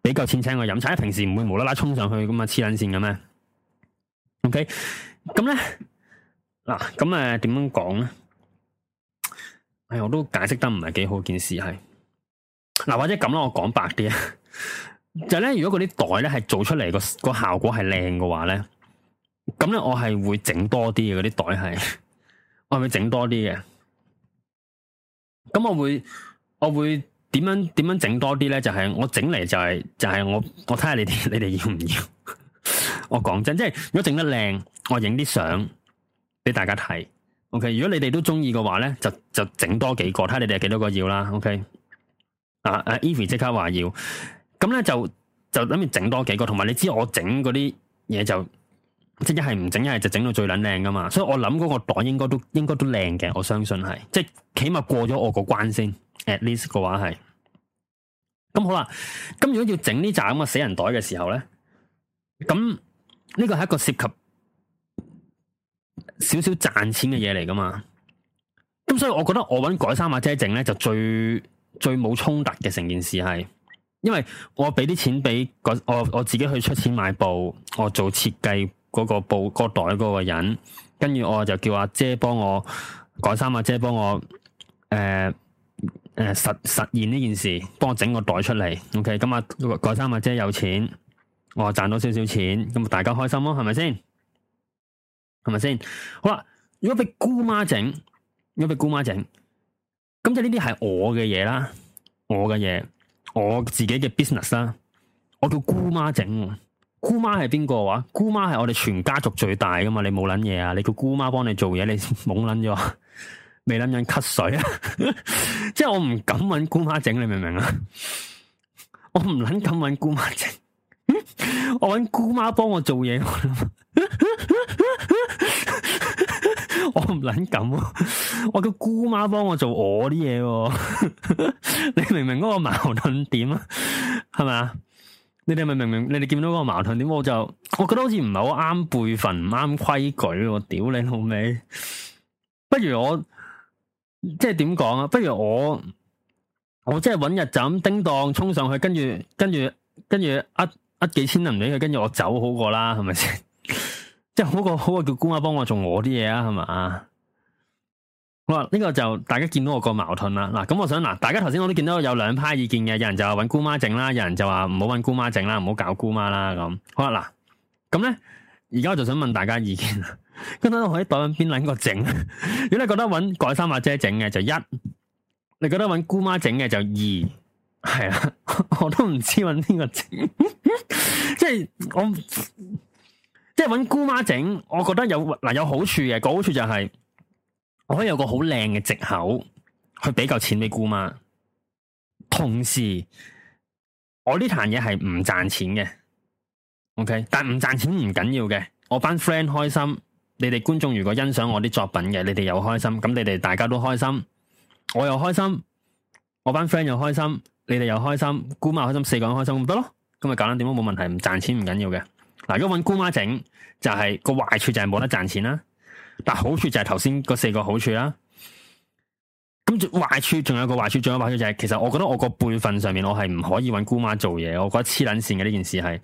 俾嚿錢請我飲茶，啊，平時唔會無啦啦沖上去咁啊黐捻線嘅咩？OK，咁咧嗱，咁誒點樣講咧？哎，我都解釋得唔係幾好。件事係嗱、啊，或者咁啦，我講白啲啊。 <laughs> 就咧，如果嗰啲袋咧係做出嚟個個效果係靚嘅話咧，咁咧我係會整多啲嘅嗰啲袋係， <laughs> 我係咪整多啲嘅？咁、嗯、我會我會點樣點樣整多啲咧？就係、是、我整嚟，就係、是、就係、是、我我睇下你哋你哋要唔要？ <laughs> 我講真，即係如果整得靚，我影啲相俾大家睇。OK，如果你哋都中意嘅話咧，就就整多幾個，睇下你哋有幾多個要啦。OK，啊啊 Evie 即刻話要，咁咧就就諗住整多幾個，同埋你知我整嗰啲嘢就。即係一係唔整，一係就整到最捻靚噶嘛，所以我諗嗰個袋應該都應該都靚嘅，我相信係，即係起碼過咗我個關先。At least 嘅話係，咁好啦。咁如果要整呢扎咁嘅死人袋嘅時候咧，咁呢個係一個涉及少少賺錢嘅嘢嚟噶嘛。咁所以我覺得我搵改衫馬姐整咧就最最冇衝突嘅成件事係，因為我俾啲錢俾個我我，我自己去出錢買布，我做設計。嗰個布嗰、那個、袋嗰個人，跟住我就叫阿姐，姐幫我改衫，阿姐幫我誒誒、呃呃、實實現呢件事，幫我整個袋出嚟。OK，咁、嗯、啊改衫阿姐，姐有錢，我賺到少少錢，咁大家開心咯，係咪先？係咪先？好啦，如果俾姑媽整，如果俾姑媽整，咁就呢啲係我嘅嘢啦，我嘅嘢，我自己嘅 business 啦，我叫姑媽整。姑媽係邊個話？姑媽係我哋全家族最大噶嘛？你冇捻嘢啊！你個姑媽幫你做嘢，你懵捻咗未？捻緊咳水啊！ <laughs> 即係我唔敢搵姑媽整，你明唔明啊？我唔捻敢搵姑媽整、嗯，我搵姑媽幫我做嘢，我唔捻咁。我叫姑媽幫我做我啲嘢、啊， <laughs> 你明唔明嗰個矛盾點啊？係咪啊？你哋係咪明唔明？你哋見到嗰個矛盾點？我就我覺得好似唔係好啱輩份唔啱規矩。我屌你老味， <laughs> 不如我即係點講啊？不如我我即係揾日就叮當衝上去，跟住跟住跟住呃呃幾千銀仔，跟住我走好過啦，係咪先？ <laughs> 即係好過好過叫姑媽幫我做我啲嘢啊，係咪？好啦，呢個就大家見到我個矛盾啦，嗱咁我想嗱，大家頭先我都見到有兩派意見嘅，有人就話搵姑媽整啦，有人就話唔好搵姑媽整啦，唔好搞姑媽啦，咁好啦嗱，咁咧而家我就想問大家意見，咁睇可以待喺邊捻個整？ <laughs> 如果你覺得搵改衫阿姐整嘅就一，你覺得搵姑媽整嘅就二，係啊、 <laughs> <laughs> 就是，我都唔知搵邊個整，即係我即係搵姑媽整，我覺得有嗱有好處嘅，個好處就係、是。我可以有個好靚嘅藉口去俾夠錢俾姑媽，同時我呢壇嘢，係唔賺錢嘅，OK？但唔賺錢唔緊要嘅，我班 friend 開心，你哋觀眾如果欣賞我啲作品嘅，你哋又開心，咁你哋大家都開心，我又開心，我班 friend 又開心，你哋又開心，姑媽開心，四個人開心咁得咯，咁咪搞撚點都冇問題，唔賺錢唔緊要嘅。嗱，如果搵姑媽整就係、是、個壞處就係冇得賺錢啦。但好處就係頭先嗰四個好處啦，咁住壞處仲有個壞處，仲有個壞處就係，其實我覺得我個輩份上面，我係唔可以搵姑媽做嘢，我覺得黐捻線嘅呢件事係。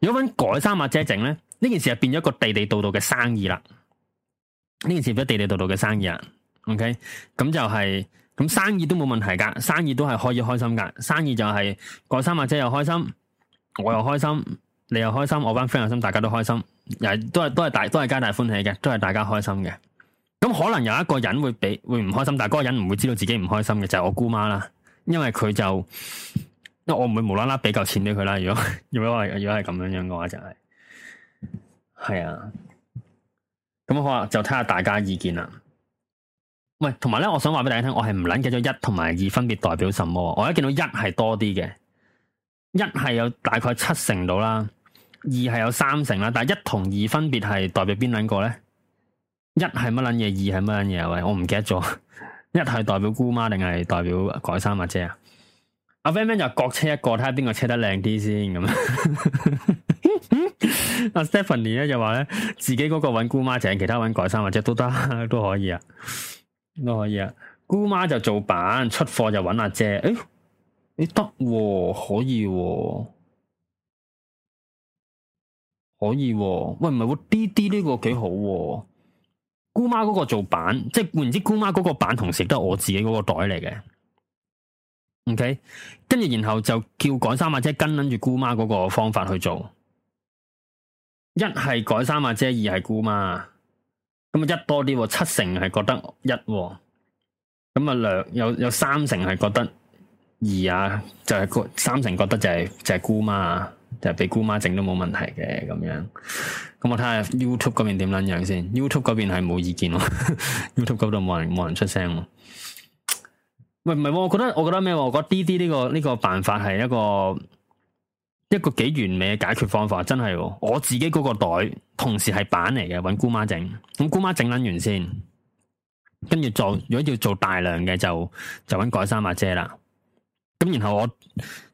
如果搵改衫阿姐整呢，呢件事係變咗一個地地道道嘅生意啦。呢件事變咗地地道道嘅生意啊。OK，咁就係，咁生意都冇問題噶，生意都係可以開心噶，生意就係改衫阿姐又開心，我又開心，你又開心，我班 friend 又開心，大家都開心。又都係都係大都係皆大歡喜嘅，都係大家開心嘅。咁可能有一個人會比會唔開心，但係嗰個人唔會知道自己唔開心嘅就係、是、我姑媽啦，因為佢就，因為我唔會無啦啦俾夠錢俾佢啦。如果如果係如果係咁樣樣嘅話就係、是，係啊。咁好啊，就睇下大家意見啦。喂，同埋咧，我想話俾大家聽，我係唔諗計咗一同埋二分別代表什麼。我一見到一係多啲嘅，一係有大概七成度啦。二係有三成啦，但係一同二分別係代表邊捻個咧？一係乜捻嘢？二係乜捻嘢？喂，我唔記得咗。一係代表姑媽定係代表改衫阿姐啊？阿 Van 就各車一個，睇下邊個車得靚啲先咁啊！阿 Stephanie 咧就話咧， <laughs> <laughs> <laughs> 自己嗰個搵姑媽，請其他搵改衫或者都得，都可以啊，都可以,媽姐姐可以啊。姑媽就做版，出貨，就搵阿姐。誒，你得可以、啊。可以喎，哦，喂唔係，滴滴呢個幾好喎，哦，姑媽嗰個做版，即係唔知姑媽嗰個版，同食得我自己嗰個袋嚟嘅，OK，跟住然後就叫改三阿姐跟跟住姑媽嗰個方法去做，一係改三阿姐，二係姑媽，咁啊一多啲，哦，七成係覺得一，哦，咁啊兩有有三成係覺得二啊，就係、是、三成覺得就係、是、就係、是、姑媽啊。就係俾姑媽整都冇問題嘅咁樣，咁我睇下 you <laughs> YouTube 嗰邊點捻樣先。YouTube 嗰邊係冇意見咯 <laughs> ，YouTube 嗰度冇人冇人出聲。喂，唔係喎，我覺得我覺得咩？我覺得 D D 呢個呢個辦法係一個一個幾完美嘅解決方法，真係喎。我自己嗰個袋同時係板嚟嘅，搵姑媽整。咁姑媽整捻完先，跟住做。如果要做大量嘅，就就搵改衫阿姐啦。咁然後我。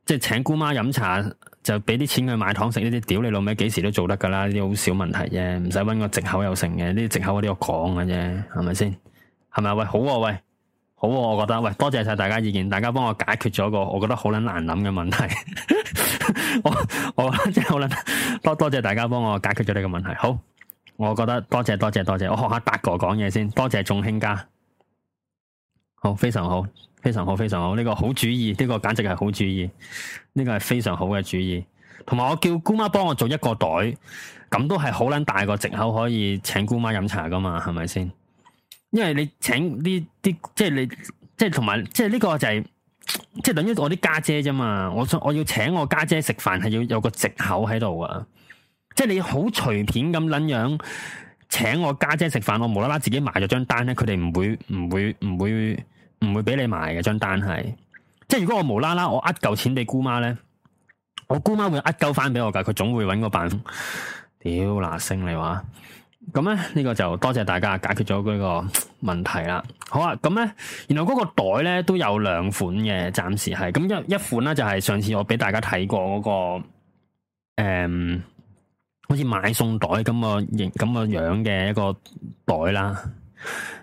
即係請姑媽飲茶，就俾啲錢去買糖食呢啲屌你老味，幾時都做得噶啦，呢啲好少問題啫，唔使搵個藉口又成嘅，呢啲藉口我呢個講嘅啫，係咪先？係咪？喂，好啊，喂，好啊，我覺得，喂，多謝晒大家意見，大家幫我解決咗一個我覺得好捻難諗嘅問題。 <laughs> 我我真係好捻多多謝大家幫我解決咗你嘅問題。好，我覺得多謝多謝多謝，我學下八哥講嘢先，多謝眾卿家，好，非常好。非常好，非常好，呢個好主意，呢個簡直係好主意，呢個係非常好嘅主意。同埋我叫姑媽幫我做一個袋，咁都係好捻大個借口可以請姑媽飲茶噶嘛，係咪先？因為你請呢啲，即係你，即係同埋，即係呢個就係，即係等於我啲家姐啫嘛。我想我要請我家姐食飯，係要有個借口喺度啊。即係你好隨便咁捻樣請我家姐食飯，我無啦啦自己埋咗張單咧，佢哋唔會唔會唔會。唔會俾你買嘅張單係，即係如果我無啦啦我呃嚿錢俾姑媽咧，我姑媽會呃夠翻俾我噶，佢總會揾個辦。屌嗱， <laughs> 聲，你話，咁咧呢個就多謝、謝大家解決咗佢個問題啦。好啊，咁咧，然後嗰個袋咧都有兩款嘅，暫時係咁一一款咧就係、是、上次我俾大家睇過嗰、那個，誒、嗯，好似買餸袋咁個形咁個樣嘅一個袋啦，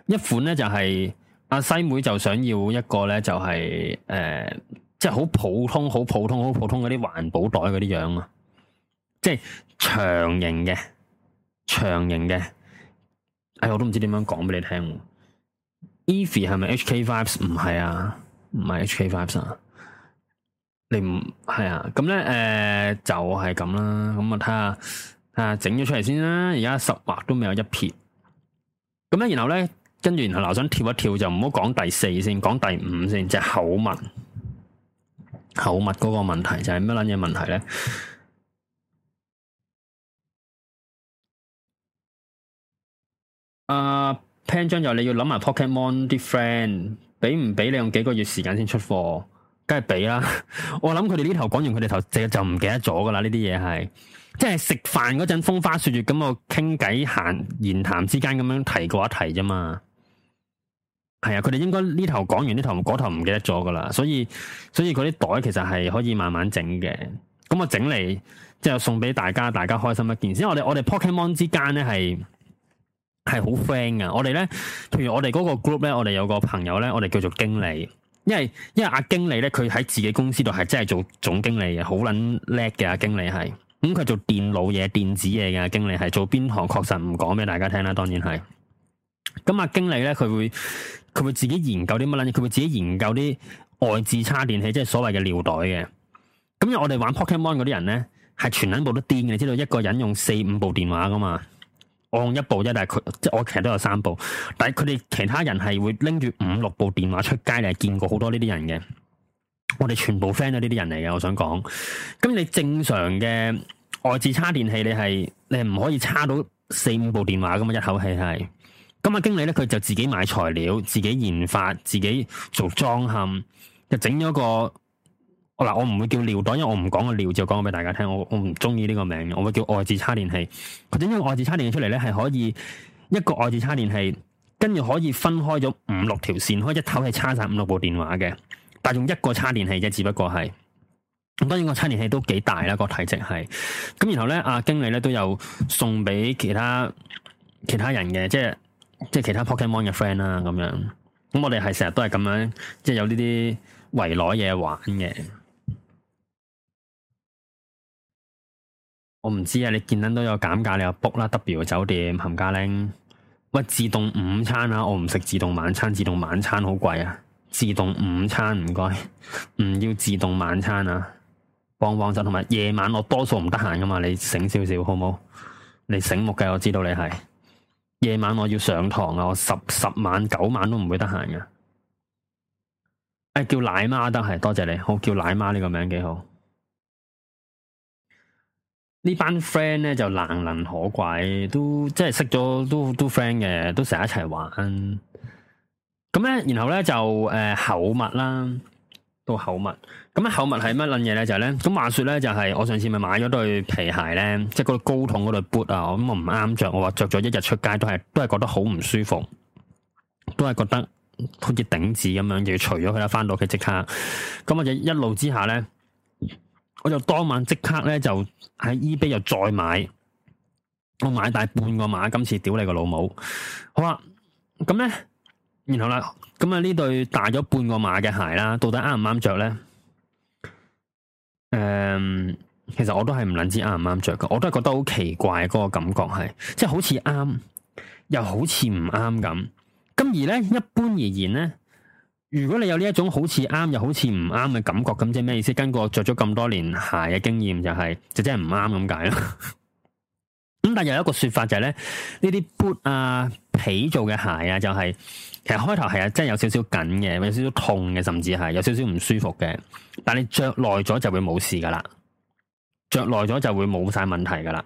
一款咧就係、是。阿西妹就想要一個咧、就是呃，就係誒，即係好普通、好普通、好普通嗰啲環保袋嗰啲樣啊，即係長形嘅，長形嘅，哎，我都唔知點樣講俾你聽。Evy 係咪 HK vibes？唔係啊，唔係 HK vibes 啊。你唔係啊，咁咧誒，就係、是、咁啦。咁啊，睇下啊，整咗出嚟先啦。而家十劃都未有一撇，咁咧，然後咧。跟住，然後嗱，想跳一跳就唔好講第四先，講第五先，即係口文口文嗰個問題就係咩撚嘢問題咧？啊，plan 將來你要諗埋 Pokémon 啲 friend，俾唔俾你用幾個月時間先出貨？梗係俾啦。 <laughs> 我諗佢哋呢頭講完頭，佢哋頭就就唔記得咗噶啦。呢啲嘢係即係食飯嗰陣風花雪月咁，我傾偈閒言談之間咁樣提過一提啫嘛。係啊，佢哋應該呢頭講完呢頭，嗰頭唔記得咗噶啦，所以所以嗰啲袋其實係可以慢慢整嘅。咁我整嚟即係送俾大家，大家開心一件事。因為我哋我哋 Pokemon 之間咧，係係好 friend 噶。我哋咧，譬如我哋嗰個 group 咧，我哋有個朋友咧，我哋叫做經理。因為因為阿、啊、經理咧，佢喺自己公司度係真係做總經理嘅，好撚叻嘅阿經理係。咁佢做電腦嘢、電子嘢嘅、啊、經理係做邊行，確實唔講俾大家聽啦。當然係。咁阿、啊、經理咧，佢會。佢會自己研究啲乜撚嘢？佢會自己研究啲外置叉電器，即係所謂嘅尿袋嘅。咁因為我哋玩 Pokemon 嗰啲人咧，係全撚部都癲嘅，你知道一個人用四五部電話噶嘛？我用一部啫，但係佢即係我其實都有三部，但係佢哋其他人係會拎住五六部電話出街，你係見過好多呢啲人嘅。我哋全部 friend 咗呢啲人嚟嘅，我想講。咁你正常嘅外置叉電器，你係你係唔可以叉到四五部電話噶嘛？一口氣係。今日經理咧，佢就自己買材料、自己研發、自己做裝嵌，就整咗個嗱，我唔會叫尿袋，因為我唔講個尿就講俾大家聽，我我唔中意呢個名，我會叫外置叉電器。佢整咗個外置叉電器出嚟咧，係可以一個外置叉電器，跟住可以分開咗五六條線，開一頭係叉晒五六部電話嘅，但用一個叉電器啫，只不過係咁。當然個叉電器都幾大啦，個體積係咁。然後咧，阿經理咧都有送俾其他其他人嘅，即係。即係其他 Pokemon 嘅 friend 啦、啊，咁樣，咁我哋係成日都係咁樣，即係有呢啲圍內嘢玩嘅。我唔知啊，你見到都有減價，你又 book 啦 W 酒店冚家拎。喂，自動午餐啊？我唔食自動晚餐，自動晚餐好貴啊！自動午餐唔該，唔要自動晚餐啊！往往就同埋夜晚我多數唔得閒噶嘛，你醒少少好冇？你醒目嘅，我知道你係。夜晚我要上堂啊！我十十晚九晚都唔會得閒㗎。誒、哎，叫奶媽得係，多謝你，好叫奶媽呢個名幾好。班呢班 friend 咧就難能可貴，都即係識咗都都 friend 嘅，都成日一齊玩。咁咧，然後咧就誒口密啦。到口物，咁咧厚物係乜捻嘢咧？就係咧，咁話說咧，就係我上次咪買咗對皮鞋咧，即係嗰對高筒嗰對 boot 啊，咁我唔啱着，我話着咗一日出街都係都係覺得好唔舒服，都係覺得好似頂子咁樣，就要除咗佢啦，翻到屋企即刻，咁我就一路之下咧，我就當晚即刻咧就喺 eBay 又再買，我買大半個碼，今次屌你個老母，好啊，咁咧。然後啦，咁啊呢對大咗半個碼嘅鞋啦，到底啱唔啱着咧？誒、嗯，其實我都係唔能知啱唔啱着嘅，我都係覺得好奇怪嗰、那個感覺係，即、就、係、是、好似啱，又好似唔啱咁。咁而咧，一般而言咧，如果你有呢一種好似啱又好似唔啱嘅感覺咁，即係咩意思？根據我着咗咁多年鞋嘅經驗、就是，就係就真係唔啱咁解咯。咁 <laughs> 但係有一個說法就係、是、咧，呢啲 boot 啊皮做嘅鞋啊，就係、是。其實開頭係啊，真係有少少緊嘅，有少少痛嘅，甚至係有少少唔舒服嘅。但你着耐咗就會冇事噶啦，着耐咗就會冇晒問題噶啦。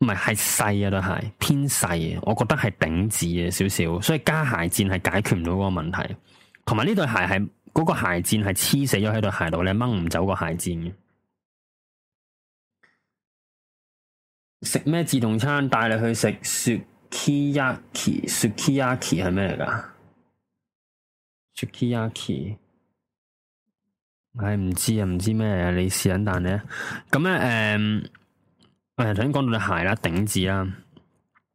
唔係係細啊對鞋，偏細啊，我覺得係頂子啊少少，所以加鞋墊係解決唔到個問題。同埋呢對鞋係嗰個鞋墊係黐死咗喺對鞋度咧，掹唔走個鞋墊嘅。食咩自助餐帶你去食雪？Kiyaki，雪 Kiyaki 係咩嚟㗎？雪 Kiyaki，唉，唔、哎、知啊，唔知咩啊，你試下彈你啊。咁咧，誒、嗯，誒、哎，頭先講到對鞋啦，頂字啦。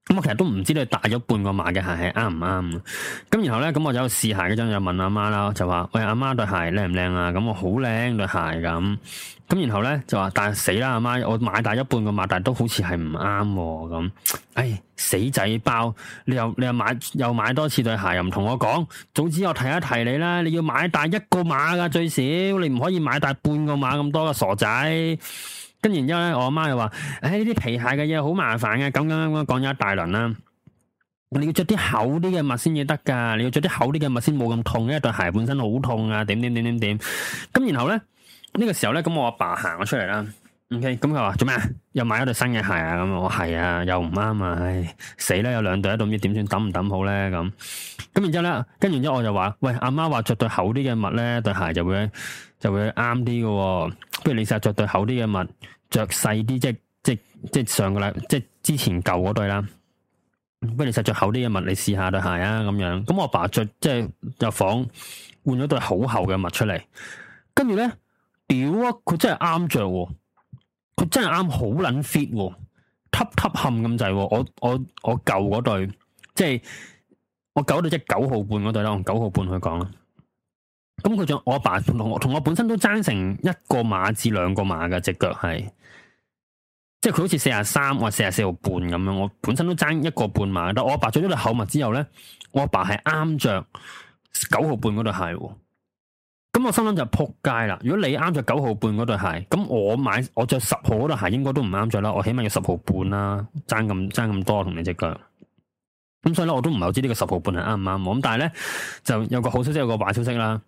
咁我其實都唔知你大咗半個碼嘅鞋係啱唔啱。咁然後呢，咁我就去試鞋嗰陣，就問阿媽啦，就話：喂，阿媽對鞋靚唔靚啊？咁我好靚對鞋噶。咁咁然後呢，就話：但係死啦，阿媽，我買大一半個碼，但係都好似係唔啱。咁，唉、哎，死仔包，你又你又買又買多次對鞋，又唔同我講。早知我提一提你啦，你要買大一個碼噶，最少，你唔可以買大半個碼咁多嘅傻仔。跟然之後咧，我阿媽又話：，誒呢啲皮鞋嘅嘢，好麻煩嘅，咁咁咁講咗一大輪啦。你要着啲厚啲嘅襪先至得噶，你要着啲厚啲嘅襪先冇咁痛，因為對鞋本身好痛啊，點點點點點。咁然後咧，呢個時候咧，咁我阿爸行咗出嚟啦。OK，咁佢話做咩？又買咗對新嘅鞋啊？咁我係啊，又唔啱啊，唉、哎、死啦！有兩對喺度，唔知點算，等唔等好咧？咁咁然之後咧，跟然之後我就話：，喂，阿媽話着對厚啲嘅襪咧，對鞋就會。就會啱啲嘅，不如你試下着對厚啲嘅襪，着細啲即係即係即係上個禮啦，即係之前舊嗰對啦。不如你試着厚啲嘅襪，你試下對鞋啊咁樣。咁我爸着即係入房換咗對好厚嘅襪出嚟，跟住咧，屌啊！佢真係啱着，哦，着，佢真係啱好撚 fit，吸吸冚咁滯。我我我舊嗰對，即係我搞到只九號半嗰對啦，用九號半去講啦。咁佢仲有我阿爸同同我，我本身都爭成一個碼至兩個碼嘅隻腳係，即係佢好似四十三或四十四號半咁樣，我本身都爭一個半碼。但我阿爸着咗對厚襪之後咧，我阿爸係啱着九號半嗰對鞋。咁我心諗就撲街啦！如果你啱着九號半嗰對鞋，咁我買我着十號嗰對鞋應該都唔啱着啦。我起碼要十號半啦，爭咁爭咁多同你隻腳。咁所以咧，我都唔係好知呢個十號半係啱唔啱。咁但係咧，就有個好消息，有個壞消息啦。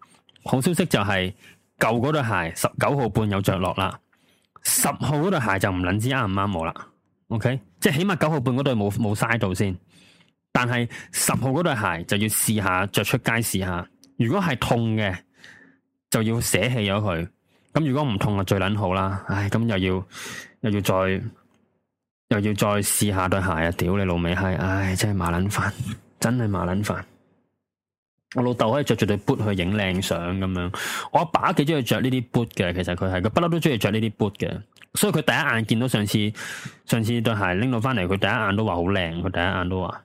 好消息就係舊嗰對鞋十九號半有着落啦，十號嗰對鞋就唔捻知啱唔啱我啦。OK，即係起碼九號半嗰對冇冇嘥到先，但係十號嗰對鞋就要試下着出街試下，如果係痛嘅就要捨棄咗佢。咁如果唔痛啊，最捻好啦。唉，咁又要又要再又要再試下對鞋啊！屌你老味，係唉真係麻捻煩，真係麻捻煩。我老豆可以着住對 boot 去影靚相咁樣，我阿爸幾中意着呢啲 boot 嘅，其實佢係佢不嬲都中意着呢啲 boot 嘅，所以佢第一眼見到上次上次對鞋拎到翻嚟，佢第一眼都話好靚，佢第一眼都話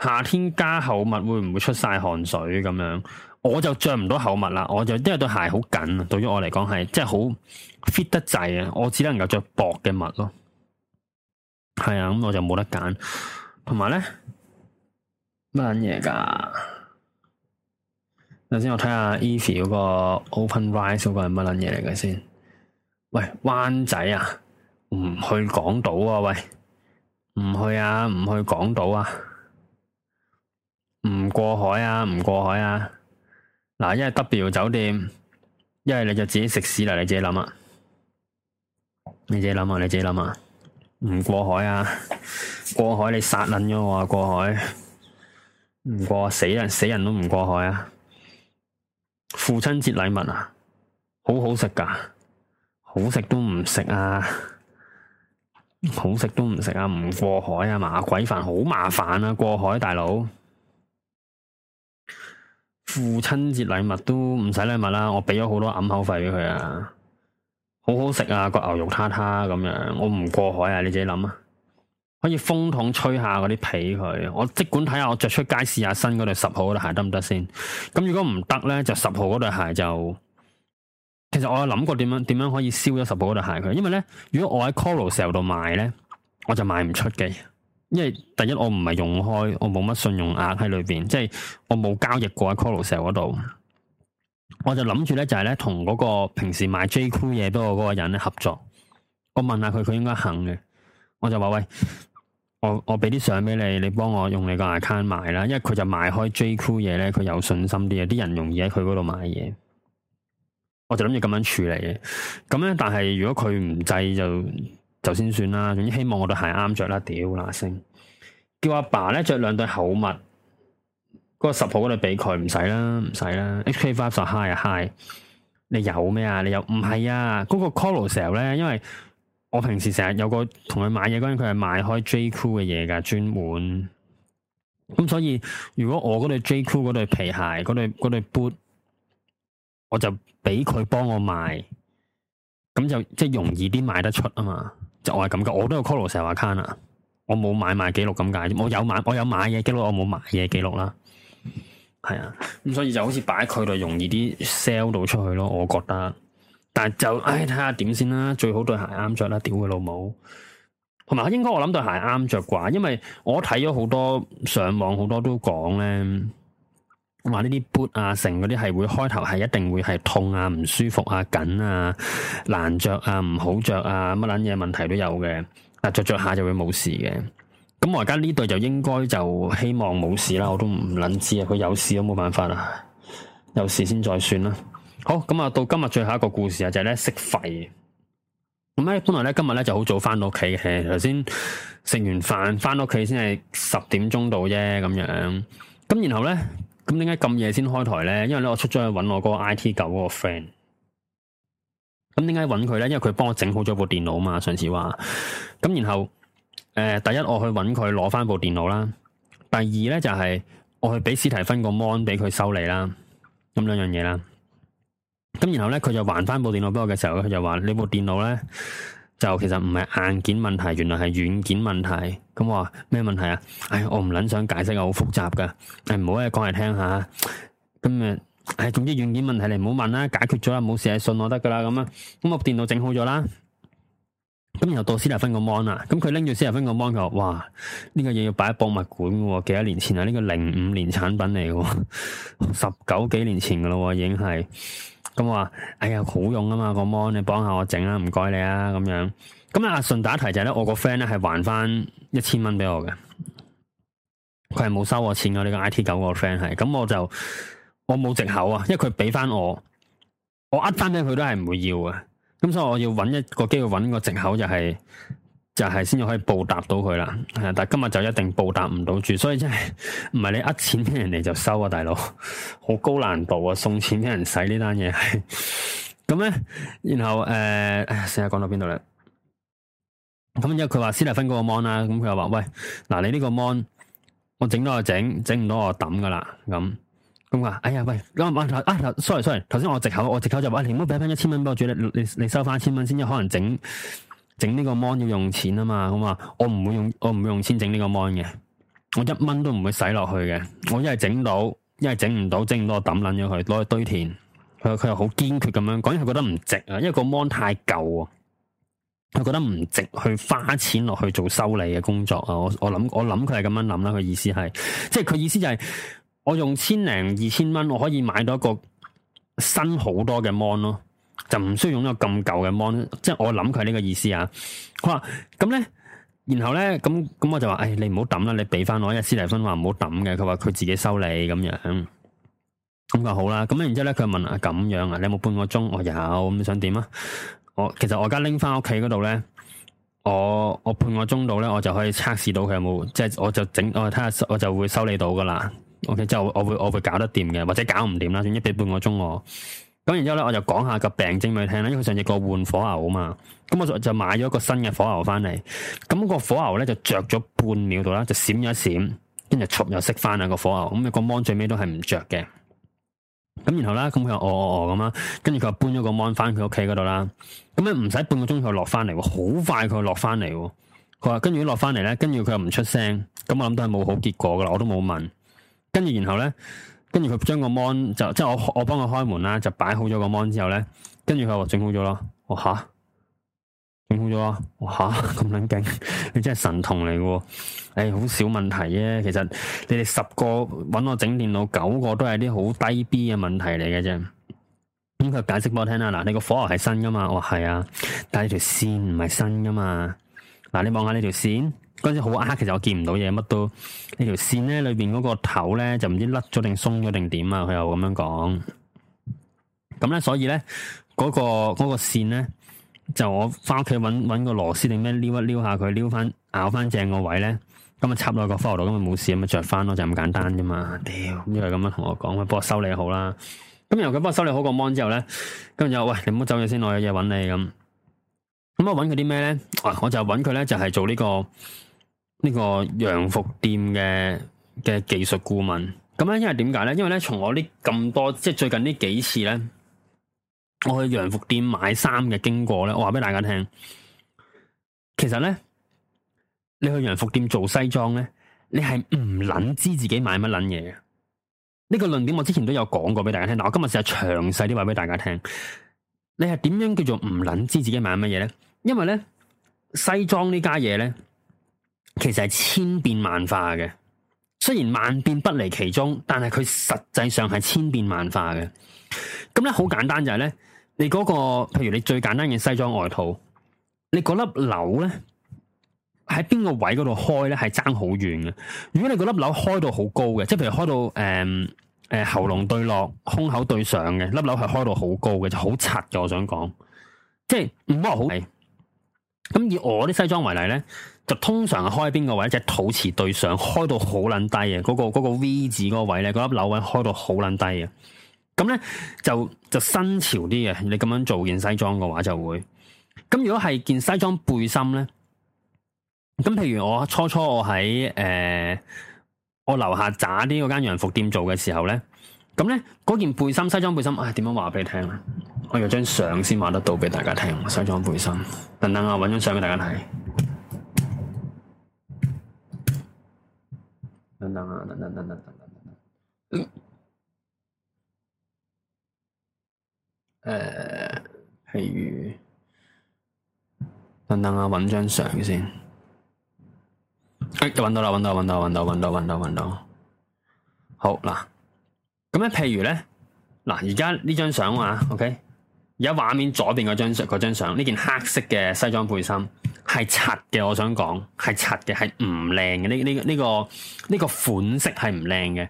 夏天加厚襪會唔會出晒汗水咁樣？我就着唔到厚襪啦，我就因為對鞋好緊啊，對於我嚟講係即係好 fit 得滯呀，我只能夠着薄嘅襪咯。係啊，咁我就冇得揀，同埋咧乜嘢噶？首先我睇下 Eve 嗰個 Open Rise 嗰個係乜捻嘢嚟嘅先？喂，灣仔啊，唔去港島啊？喂，唔去啊，唔去港島啊？唔過海啊，唔過海啊？嗱，一係 W 酒店，一係你就自己食屎啦！你自己諗啊，你自己諗啊，你自己諗啊？唔過海啊？過海你殺捻咗我啊？過海，唔過死人死人都唔過海啊？父親節禮物啊，好好食噶，好食都唔食啊， <laughs> 好食都唔食啊，唔過海啊嘛，麻鬼煩好麻煩啊，過海大佬，父親節禮物都唔使禮物啦，啊，我畀咗好多揞口費畀佢啊，好好食啊，個牛肉撻撻咁樣，我唔過海啊，你自己諗啊。可以風筒吹下嗰啲被佢，我即管睇下，我着出街試下新嗰對十號嗰對鞋得唔得先？咁如果唔得咧，就十號嗰對鞋就，其實我有諗過點樣點樣可以燒咗十號嗰對鞋佢，因為咧，如果我喺 Carousell 度賣咧，我就賣唔出嘅，因為第一我唔係用開，我冇乜信用額喺裏邊，即係我冇交易過喺 Carousell 嗰度，我就諗住咧就係咧同嗰個平時買 JQ 嘢俾我嗰個人咧合作，我問下佢，佢應該肯嘅，我就話喂。我我俾啲相俾你，你幫我用你個 account 買啦，因為佢就賣開 JQ 嘢咧，佢有信心啲啊，啲人容易喺佢嗰度買嘢。我就諗住咁樣處理嘅，咁咧，但係如果佢唔制就就先算啦。總之希望我對鞋啱着啦，屌嗱聲。叫阿爸咧着兩對厚襪，嗰個十號嗰度俾佢唔使啦，唔使啦。X Five 就嗨啊嗨你有咩啊？你有唔係啊？嗰、那個 Colorcell 咧，因為。我平時成日有個同佢買嘢嗰陣，佢係賣開 J 酷嘅嘢噶，專門。咁所以如果我嗰對 J 酷嗰對皮鞋嗰對對 boot，我就俾佢幫我賣，咁就即係、就是、容易啲賣得出啊嘛。就我係咁噶，我都有 call 成日 account 啊，我冇買賣記錄咁解。我有買我有買嘢記錄，我冇賣嘢記錄啦。係啊，咁所以就好似擺佢度容易啲 sell 到出去咯，我覺得。但就唉，睇下點先啦，最好對鞋啱着啦，屌佢老母，同埋應該我諗對鞋啱着啩，因為我睇咗好多上網好多都講咧，話呢啲 boot 啊成嗰啲係會開頭係一定會係痛啊唔舒服啊緊啊難着啊唔好着啊乜撚嘢問題都有嘅，但着着下就會冇事嘅，咁我而家呢對就應該就希望冇事啦，我都唔撚知啊，佢有事都冇辦法啦，有事先再算啦。好咁啊！到今日最後一個故事啊，就係咧識吠咁咧。本來咧今日咧就好早翻到屋企嘅，頭先食完飯翻到屋企先係十點鐘到啫。咁樣咁然後咧，咁點解咁夜先開台咧？因為咧我出咗去搵我嗰個 I T 九嗰個 friend。咁點解搵佢咧？因為佢幫我整好咗部電腦嘛。上次話咁然後誒、呃，第一我去搵佢攞翻部電腦啦。第二咧就係我去俾史提芬個 mon 俾佢收嚟啦。咁兩樣嘢啦。咁然後咧，佢就還翻部電腦俾我嘅時候，佢就話呢部電腦咧就其實唔係硬件問題，原來係軟件問題。咁話咩問題啊？唉、哎，我唔撚想解釋啊，好複雜噶。誒、哎，唔好咧講嚟聽下。咁誒，唉、哎，總之軟件問題你唔好問啦，解決咗啦，冇事，信我得噶啦。咁啊，咁我電腦整好咗啦。咁然後到斯達芬、個 mon 啦，咁佢拎住斯達芬個 mon 就話：嘩，呢個嘢要擺喺博物館嘅喎，幾年、這個、年 <laughs> 多年前啊，呢個零五年產品嚟嘅喎，十九幾年前嘅咯喎，已經係。咁話，哎呀，好、那個、用啊嘛，個芒你幫下我整啦，唔該你啊，咁樣。咁啊阿順打一提就係、是、咧，我個 friend 咧係還翻一千蚊俾我嘅，佢係冇收我錢我呢、這個 IT 九個 friend 係，咁我就我冇藉口啊，因為佢俾翻我，我呃翻咧佢都係唔會要啊，咁所以我要搵一個機會搵個藉口就係、是。就係先至可以報答到佢啦，但係今日就一定報答唔到住，所以真係唔係你呃錢俾人哋就收啊，大佬，好高難度啊，送錢俾人使呢單嘢，咁咧，然後誒，成、呃、日講到邊度咧？咁因為佢話斯麗芬嗰個 mon 啦，咁佢又話喂，嗱你呢個 mon，我整到我整整唔到我抌噶啦，咁，咁話，哎呀喂，咁啊啊，sorry sorry，頭先我借口，我借口就話你唔好俾翻一千蚊俾我住咧，你你收翻一千蚊先至可能整。整呢個 mon 要用錢啊嘛，咁啊，我唔會用我唔會用錢整呢個 mon 嘅，我一蚊都唔會使落去嘅。我一係整到，一係整唔到，整唔到我抌撚咗佢，攞去堆填。佢佢又好堅決咁樣，講佢覺得唔值啊，因為個 mon 太舊喎，佢覺得唔值去花錢落去做修理嘅工作啊。我我諗我諗佢係咁樣諗啦，佢意思係，即係佢意思就係、是、我用千零二千蚊，我可以買到一個新好多嘅 mon 咯。就唔需要用咗咁舊嘅 mon 即係我諗佢係呢個意思啊。佢話咁咧，然後咧咁咁我就話，誒、哎，你唔好抌啦，你俾翻我一斯麗芬，話唔好抌嘅，佢話佢自己修理。」咁樣。咁話好啦，咁然之後咧，佢問啊，咁樣啊，你有冇半個鐘？我有，咁你想點啊？我其實我而家拎翻屋企嗰度咧，我我半個鐘度咧，我就可以測試到佢有冇，即、就、係、是、我就整我睇下，我就會修理到噶啦。OK，之後我,我會我會搞得掂嘅，或者搞唔掂啦，總之俾半個鐘我。咁然之後咧，我就講下個病症俾你聽啦，因為佢上次個換火牛啊嘛，咁我就就買咗個新嘅火牛翻嚟，咁個火牛咧就着咗半秒度啦，就閃咗一閃，跟住觸又熄翻兩個火牛，咁、那、啊個芒最尾都係唔着嘅，咁然後啦，咁佢話哦哦哦咁啦，跟住佢又搬咗個芒 o 翻佢屋企嗰度啦，咁樣唔使半個鐘頭落翻嚟，好快佢落翻嚟，佢話跟住一落翻嚟咧，跟住佢又唔出聲，咁我諗都係冇好結果噶啦，我都冇問，跟住然後咧。跟住佢將個 mon 就即係我我幫佢開門啦，就擺好咗個 mon 之後咧，跟住佢話整好咗咯。哇吓整好咗咯。哇吓咁捻勁，你真係神童嚟嘅。誒，好少問題啫，啊。其實你哋十個搵我整電腦，九個都係啲好低 B 嘅問題嚟嘅啫。咁、嗯、佢解釋俾我聽啦。嗱，你個火牛係新噶嘛？我係啊，但係條線唔係新噶嘛。嗱，你望下呢條線。嗰時好黑，其實我見唔到嘢，乜都條呢條線咧裏邊嗰個頭咧就唔知甩咗定鬆咗定點啊！佢又咁樣講，咁咧所以咧嗰、那個嗰、那個線咧就我翻屋企揾揾個螺絲定咩撩一撩下佢，撩翻咬翻正位呢個位咧，咁啊插落個科 o 度，咁啊冇事，咁咪着翻咯，就咁、是、簡單啫嘛！屌，咁又咁樣同我講，幫我修理好啦。咁然由佢幫我修理好個芒 o n 之後咧，咁就喂，你唔好走咗先，我有嘢揾你咁。咁我揾佢啲咩咧？我就揾佢咧，就係、是、做呢、這個。呢個洋服店嘅嘅技術顧問，咁咧因為點解咧？因為咧從我呢咁多即係最近呢幾次咧，我去洋服店買衫嘅經過咧，我話俾大家聽。其實咧你去洋服店做西裝咧，你係唔捻知自己買乜捻嘢嘅。呢個論點我之前都有講過俾大家聽，嗱我今日試下詳細啲話俾大家聽，你係點樣叫做唔捻知自己買乜嘢咧？因為咧西裝呢家嘢咧。其實係千變萬化嘅，雖然萬變不離其宗，但係佢實際上係千變萬化嘅。咁咧好簡單就係、是、咧，你嗰、那個，譬如你最簡單嘅西裝外套，你嗰粒紐咧喺邊個位嗰度開咧，係爭好遠嘅。如果你嗰粒紐開到好高嘅，即係譬如開到誒誒、呃、喉嚨對落，胸口對上嘅，粒紐係開到好高嘅，就好柒嘅。我想講，即係唔好話好美。咁以我啲西裝為例咧。就通常係開邊個位，只肚臍對上，開到好撚低嘅，嗰、那個、那個 V 字嗰、那個位咧，嗰粒紐位開到好撚低嘅，咁咧就就新潮啲嘅。你咁樣做件西裝嘅話就會，咁如果係件西裝背心咧，咁譬如我初初我喺誒、呃、我樓下炸啲嗰間洋服店做嘅時候咧，咁咧嗰件背心西裝背心，啊、哎、點樣話俾你聽咧？我有張相先話得到俾大家聽，西裝背心，等等啊，我搵張相俾大家睇。等等啊，等等，等等，等等，等等。誒，譬如等等啊，揾張相先。就、欸、揾到啦，揾到，揾到，揾到，揾到，揾到，揾到，揾到。好嗱，咁咧，譬如咧，嗱，而家呢張相啊，OK，而家畫面左邊嗰張相，嗰張相，呢件黑色嘅西裝背心。係柒嘅，我想講係柒嘅，係唔靚嘅。呢呢呢個呢、這個這個款式係唔靚嘅。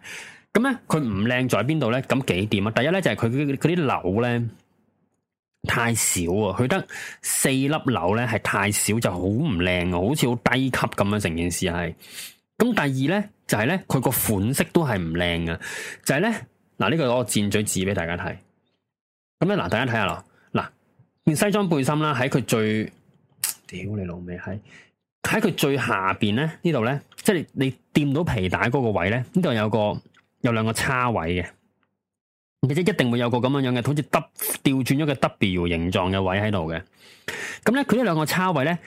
咁、嗯、咧，佢唔靚在邊度咧？咁幾點啊？第一咧就係佢佢啲樓咧太少啊，佢得四粒樓咧係太少，就好唔靚啊，好似好低級咁樣成件事係。咁、嗯、第二咧就係、是、咧，佢個款式都係唔靚嘅，就係咧嗱呢、這個攞個箭嘴紙俾大家睇。咁咧嗱，大家睇下咯，嗱件西裝背心啦，喺佢最。屌你老味喺喺佢最下邊咧呢度咧，即係你掂到皮帶嗰個位咧，呢度有個有兩個叉位嘅，即係一定會有個咁樣樣嘅，好似 W 調轉咗個 W 形狀嘅位喺度嘅。咁咧，佢呢兩個叉位咧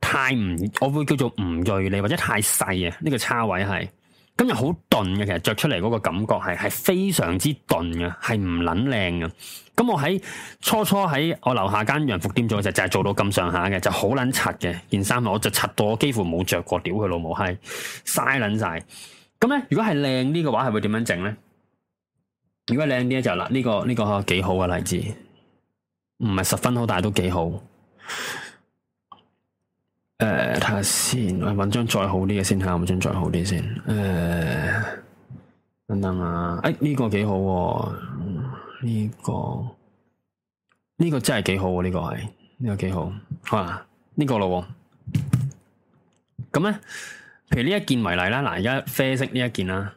太唔，我會叫做唔銳利或者太細呀呢個叉位係。今日好鈍嘅，其實着出嚟嗰個感覺係係非常之鈍嘅，係唔捻靚嘅。咁我喺初初喺我樓下間洋服店做嘅時候，就係、是、做到咁上下嘅，就好捻柒嘅件衫我就柒到我幾乎冇着過，屌佢老母閪，嘥捻晒。咁咧，如果係靚呢個話，係會點樣整咧？如果靚啲咧就嗱，呢、這個呢、這個幾好嘅例子，唔係十分好，但係都幾好。誒，睇下先，搵張再好啲嘅先睇吓，搵張再好啲先。誒、呃，等等啊，誒、哎、呢、這個幾好，呢、這個呢、這個真係幾好，這個這個好好這個哦、呢個係呢個幾好，吓呢個咯。咁咧，譬如呢一件為例啦，嗱而家啡色呢一件啦，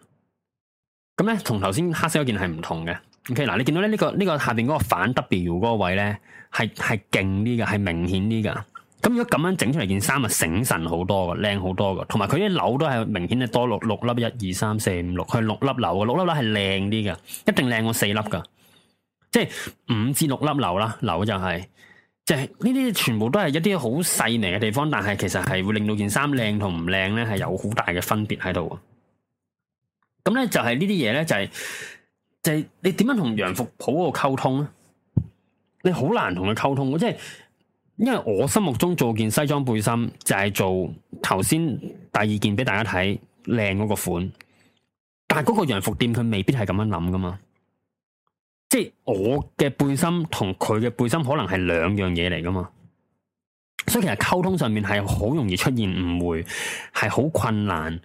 咁咧同頭先黑色一件係唔同嘅。OK，嗱、呃、你見到咧呢、這個呢、這個下邊嗰個反 W 嗰個位咧，係係勁啲嘅，係明顯啲噶。咁如果咁樣整出嚟件衫，咪醒神好多嘅，靚好多嘅，同埋佢啲紐都係明顯係多六六粒一二三四五六，佢係六粒紐嘅，六粒紐係靚啲嘅，一定靚過四粒嘅，即係五至六粒紐啦。紐就係、是，即係呢啲全部都係一啲好細微嘅地方，但係其實係會令到件衫靚同唔靚咧，係有好大嘅分別喺度。咁咧就係呢啲嘢咧，就係、是、就係你點樣同洋服舖嗰個溝通咧？你好難同佢溝通嘅，即、就、係、是。因為我心目中做件西裝背心就係、是、做頭先第二件俾大家睇靚嗰個款，但係嗰個洋服店佢未必係咁樣諗噶嘛，即係我嘅背心同佢嘅背心可能係兩樣嘢嚟噶嘛，所以其實溝通上面係好容易出現誤會，係好困難，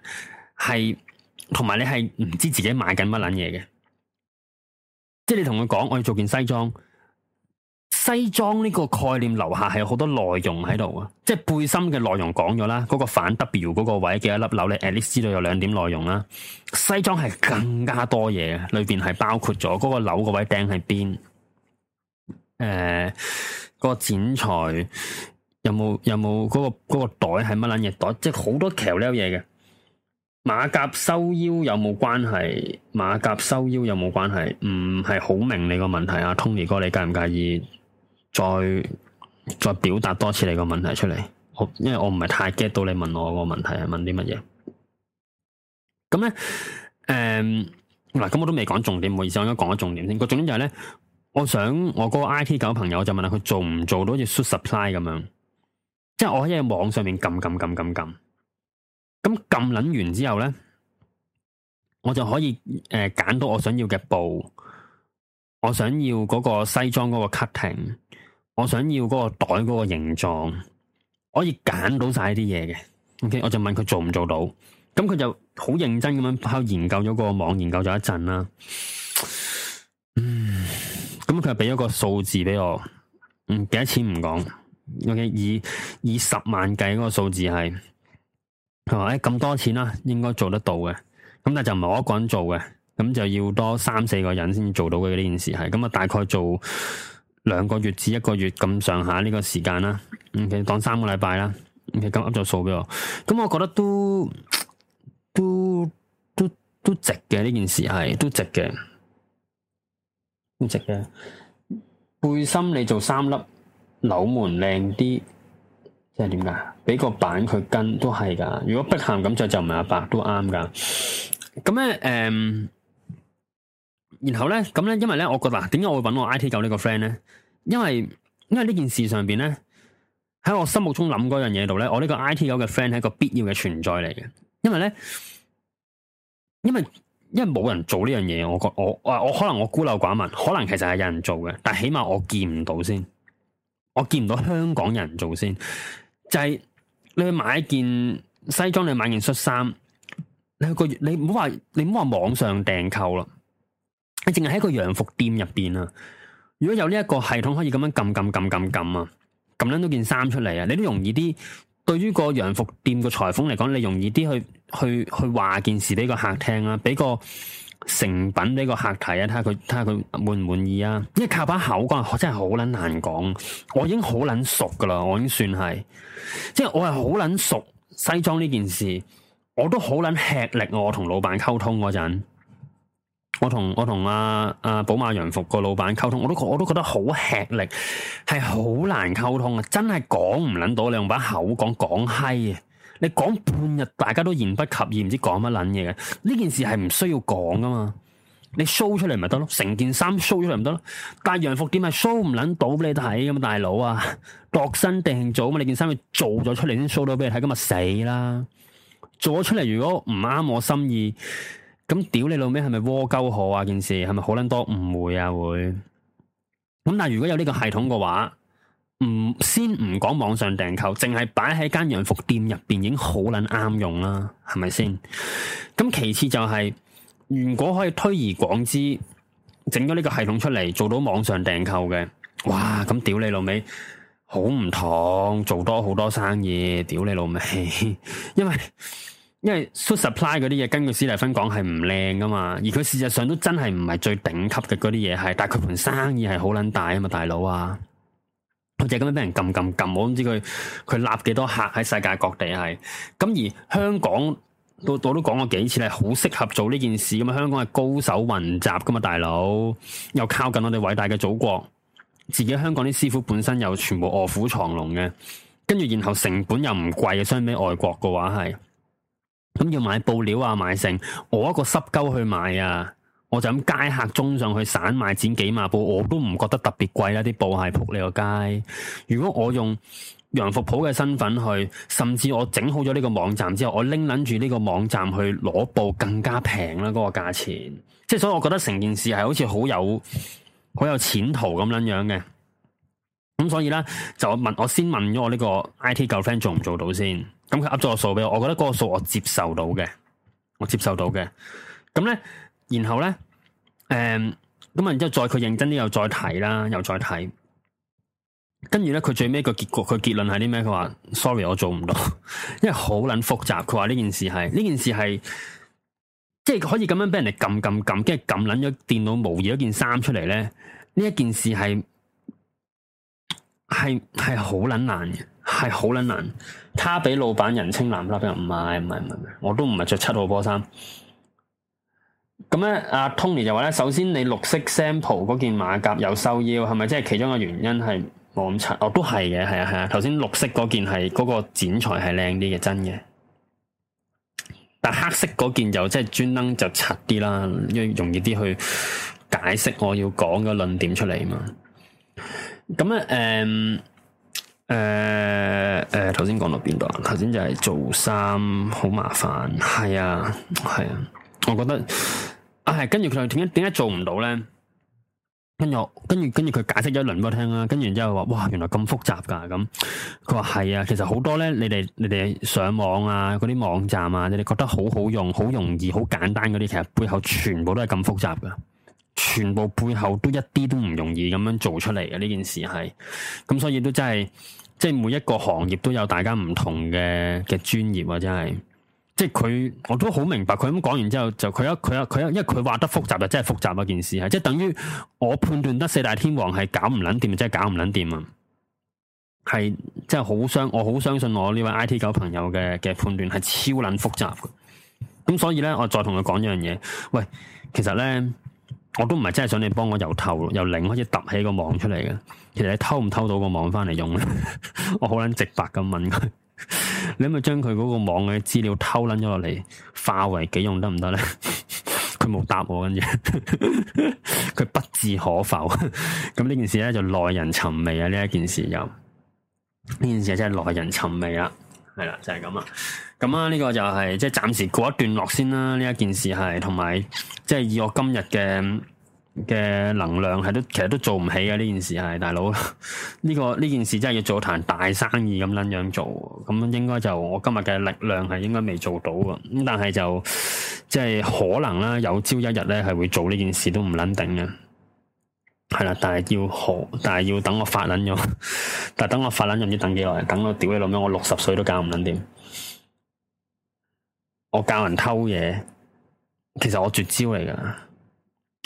係同埋你係唔知自己買緊乜撚嘢嘅，即係你同佢講我要做件西裝。西裝呢個概念留下係有好多內容喺度啊，即係背心嘅內容講咗啦，嗰、那個反 W 嗰個位嘅一粒紐咧，At least 知道有兩點內容啦。西裝係更加多嘢嘅，裏邊係包括咗嗰個紐嗰位釘喺邊，誒、呃，嗰、那個剪裁有冇有冇嗰、那個、那個袋係乜撚嘢袋，即係好多巧叻嘢嘅。馬甲收腰有冇關係？馬甲收腰有冇關係？唔係好明你個問題啊，Tony 哥，你介唔介意？再再表達多次你個問題出嚟，我因為我唔係太 get 到你問我個問題係問啲乜嘢，咁咧，誒、嗯，嗱，咁我都未講重點，唔好意思，我應該講咗重點先。個重點就係咧，我想我嗰個 I T 九朋友就問下佢做唔做到好似 supply 咁樣，即係我喺網上面撳撳撳撳撳，咁撳捻完之後咧，我就可以誒揀、呃、到我想要嘅布，我想要嗰個西裝嗰個 cutting。我想要嗰個袋嗰個形狀，可以揀到晒呢啲嘢嘅。OK，我就問佢做唔做到，咁佢就好認真咁樣喺度研究咗個網，研究咗一陣啦。嗯，咁佢就俾咗個數字俾我，嗯，幾多錢唔講。OK，以以十萬計嗰個數字係，佢話欸咁多錢啦、啊，應該做得到嘅。咁但就唔係我一個人做嘅，咁就要多三四個人先做到嘅呢件事係。咁啊，大概做。兩個月至一個月咁上下呢個時間啦，OK 當三個禮拜啦，OK 咁噏咗數俾我，咁、嗯、我覺得都都都都值嘅呢件事係，都值嘅，都值嘅。背心你做三粒扭門靚啲，即係點解？俾個板佢跟都係㗎，如果就不咸咁着，就唔係阿伯都啱㗎。咁、嗯、咧，誒、嗯。然後咧，咁咧，因為咧，我覺得點解、啊、我會搵我 IT 九呢個 friend 咧？因為因為呢件事上邊咧，喺我心目中諗嗰樣嘢度咧，我呢個 IT 九嘅 friend 係一個必要嘅存在嚟嘅。因為咧，因為因為冇人做呢樣嘢，我覺我我可能我孤陋寡聞，可能其實係有人做嘅，但係起碼我見唔到先，我見唔到香港人做先。就係、是、你去買一件西裝，你買件恤衫，你去個月你唔好話你唔好話網上訂購啦。你淨係喺個洋服店入邊啊！如果有呢一個系統可以咁樣撳撳撳撳撳啊，撳捻到件衫出嚟啊，你都容易啲。對於個洋服店嘅裁縫嚟講，你容易啲去去去話件事俾個客聽啊，俾個成品俾個客睇啊，睇下佢睇下佢滿唔滿意啊！因為靠把口講，我真係好捻難講。我已經好捻熟噶啦，我已經算係，即係我係好捻熟西裝呢件事，我都好捻吃力。我同老闆溝通嗰陣。我同我同阿阿寶馬洋服個老闆溝通，我都我都覺得好吃力，係好難溝通啊！真係講唔捻到，你用把口講講閪嘅，你講半日大家都言不及義，唔知講乜捻嘢嘅。呢件事係唔需要講噶嘛，你 show 出嚟咪得咯，成件衫 show 出嚟咪得咯。但係洋服點係 show 唔捻到俾你睇噶嘛，大佬啊，度身定做啊嘛，你件衫要做咗出嚟先 show 到俾你睇，咁咪死啦！做咗出嚟如果唔啱我心意，咁屌你老味係咪窩溝好啊？件事係咪好捻多誤會啊？會咁但係如果有呢個系統嘅話，唔先唔講網上訂購，淨係擺喺間洋服店入邊已經好捻啱用啦，係咪先？咁其次就係、是，如果可以推而廣之，整咗呢個系統出嚟做到網上訂購嘅，哇！咁屌你老味，好唔同，做多好多生意，屌你老味，因為。因為 supply 嗰啲嘢，根據史蒂芬講係唔靚噶嘛，而佢事實上都真係唔係最頂級嘅嗰啲嘢係，但係佢盤生意係好捻大啊嘛，大佬啊，就咁樣俾人撳撳撳，我唔知佢佢納幾多客喺世界各地係，咁而香港，我我都講過幾次咧，好適合做呢件事咁嘛。香港係高手雲集噶嘛，大佬又靠近我哋偉大嘅祖國，自己香港啲師傅本身又全部臥虎藏龍嘅，跟住然後成本又唔貴，相比外國嘅話係。咁要買布料啊，買成我一個濕鳩去買啊，我就咁街客中上去散買剪幾碼布，我都唔覺得特別貴啦。啲布鞋仆你個街。如果我用洋服舖嘅身份去，甚至我整好咗呢個網站之後，我拎捻住呢個網站去攞布更加平啦、啊，嗰、那個價錢。即係所以，我覺得成件事係好似好有好有前途咁捻樣嘅。咁所以呢，就問我先問咗我呢個 I T 舊 friend 做唔做到先。咁佢呃咗個數俾我，我覺得嗰個數我接受到嘅，我接受到嘅。咁咧，然後咧，誒，咁啊，然之後再佢認真啲又再睇啦，又再睇。跟住咧，佢最尾個結局，佢結論係啲咩？佢話 sorry，我做唔到， <laughs> 因為好捻複雜。佢話呢件事係，呢件事係，即係可以咁樣俾人哋撳撳撳，跟住撳捻咗電腦模擬咗件衫出嚟咧，呢一件事係係係好捻難嘅。係好捻難，卡俾老闆人稱藍立，俾人唔買唔買唔買，我都唔係着七號波衫。咁咧，阿、啊、Tony 就話咧，首先你綠色 sample 嗰件馬甲有收腰，係咪即係其中個原因係冇咁拆？哦，都係嘅，係啊係啊。頭先綠色嗰件係嗰、那個剪裁係靚啲嘅，真嘅。但黑色嗰件即就即係專登就拆啲啦，因為容易啲去解釋我要講嘅論點出嚟嘛。咁咧，誒、嗯。誒誒，頭先講到邊度啊？頭先就係做衫好麻煩，係啊係啊，我覺得啊係、啊。跟住佢又點解點解做唔到咧？跟住跟住跟住佢解釋咗一輪俾我聽啦。跟住之後話哇，原來咁複雜噶咁。佢話係啊，其實好多咧，你哋你哋上網啊，嗰啲網站啊，你哋覺得好好用、好容易、好簡單嗰啲，其實背後全部都係咁複雜噶，全部背後都一啲都唔容易咁樣做出嚟嘅呢件事係。咁所以都真係。即係每一個行業都有大家唔同嘅嘅專業啊！真係，即係佢我都好明白佢咁講完之後，就佢一佢一佢一，因為佢話得複雜嘅，真係複雜啊，一件事係即係等於我判斷得四大天王係搞唔捻掂，真係搞唔捻掂啊！係即係好相，我好相信我呢位 IT 狗朋友嘅嘅判斷係超捻複雜嘅。咁所以咧，我再同佢講一樣嘢。喂，其實咧。我都唔係真係想你幫我由頭由零開始揼起個網出嚟嘅，其實你偷唔偷到個網翻嚟用咧？ <laughs> 我好捻直白咁問佢， <laughs> 你可唔可以將佢嗰個網嘅資料偷捻咗落嚟，化為己用得唔得咧？佢 <laughs> 冇答我， <laughs> 跟住佢不置可否。咁呢件事咧就耐人尋味啊！呢一件事又呢件事真係耐人尋味啊！係啦，就係咁啊。咁啊，呢、這個就係即係暫時過一段落先啦。呢一件事係同埋即係以我今日嘅嘅能量係都其實都做唔起嘅，呢件事係大佬呢、這個呢件事真係要做壇大生意咁捻樣做，咁、嗯、應該就我今日嘅力量係應該未做到啊。咁但係就即係可能啦，有朝一日咧係會做呢件事都唔捻定嘅。係啦，但係要可，但係要等我發捻咗， <laughs> 但係等我發捻又唔知等幾耐，等我屌你老味，我六十歲都搞唔捻掂。我教人偷嘢，其實我絕招嚟噶，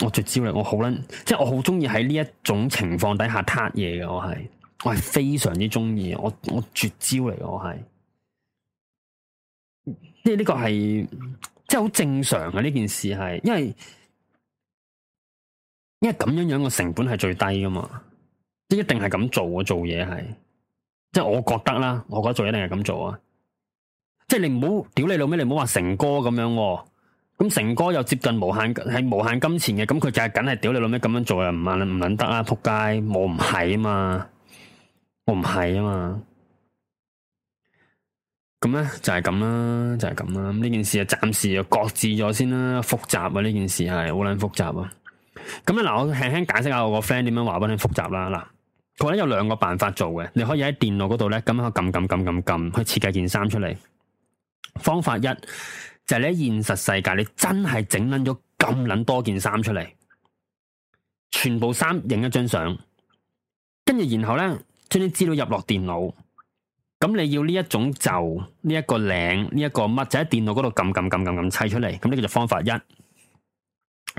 我絕招嚟，我好捻，即係我好中意喺呢一種情況底下撻嘢嘅，我係我係非常之中意，我我絕招嚟，我係，即係呢個係，即係好正常嘅呢件事係，因為因為咁樣樣個成本係最低噶嘛，即係一定係咁做啊做嘢係，即係我覺得啦，我覺得做一定係咁做啊。即係你唔好屌你老咩？你唔好話成哥咁樣咁、哦、成哥又接近無限係無限金錢嘅，咁佢就係梗係屌你老咩咁樣做啊？唔唔捻得啊！仆街，我唔係啊嘛，我唔係啊嘛，咁咧就係咁啦，就係咁啦。咁呢件事暫啊，暫時就擱置咗先啦。複雜啊，呢件事係好捻複雜啊。咁咧嗱，我輕輕解釋下我個 friend 點樣話，俾你捻複雜啦嗱。佢咧有兩個辦法做嘅，你可以喺電腦嗰度咧咁樣去撳撳撳撳撳去設計件衫出嚟。方法一就係你喺現實世界，你真係整捻咗咁捻多件衫出嚟，全部衫影一張相，跟住然後咧，將啲資料入落電腦，咁你要呢一種就，呢一個領呢一個乜，就喺電腦嗰度撳撳撳撳撳砌出嚟，咁呢個就方法一。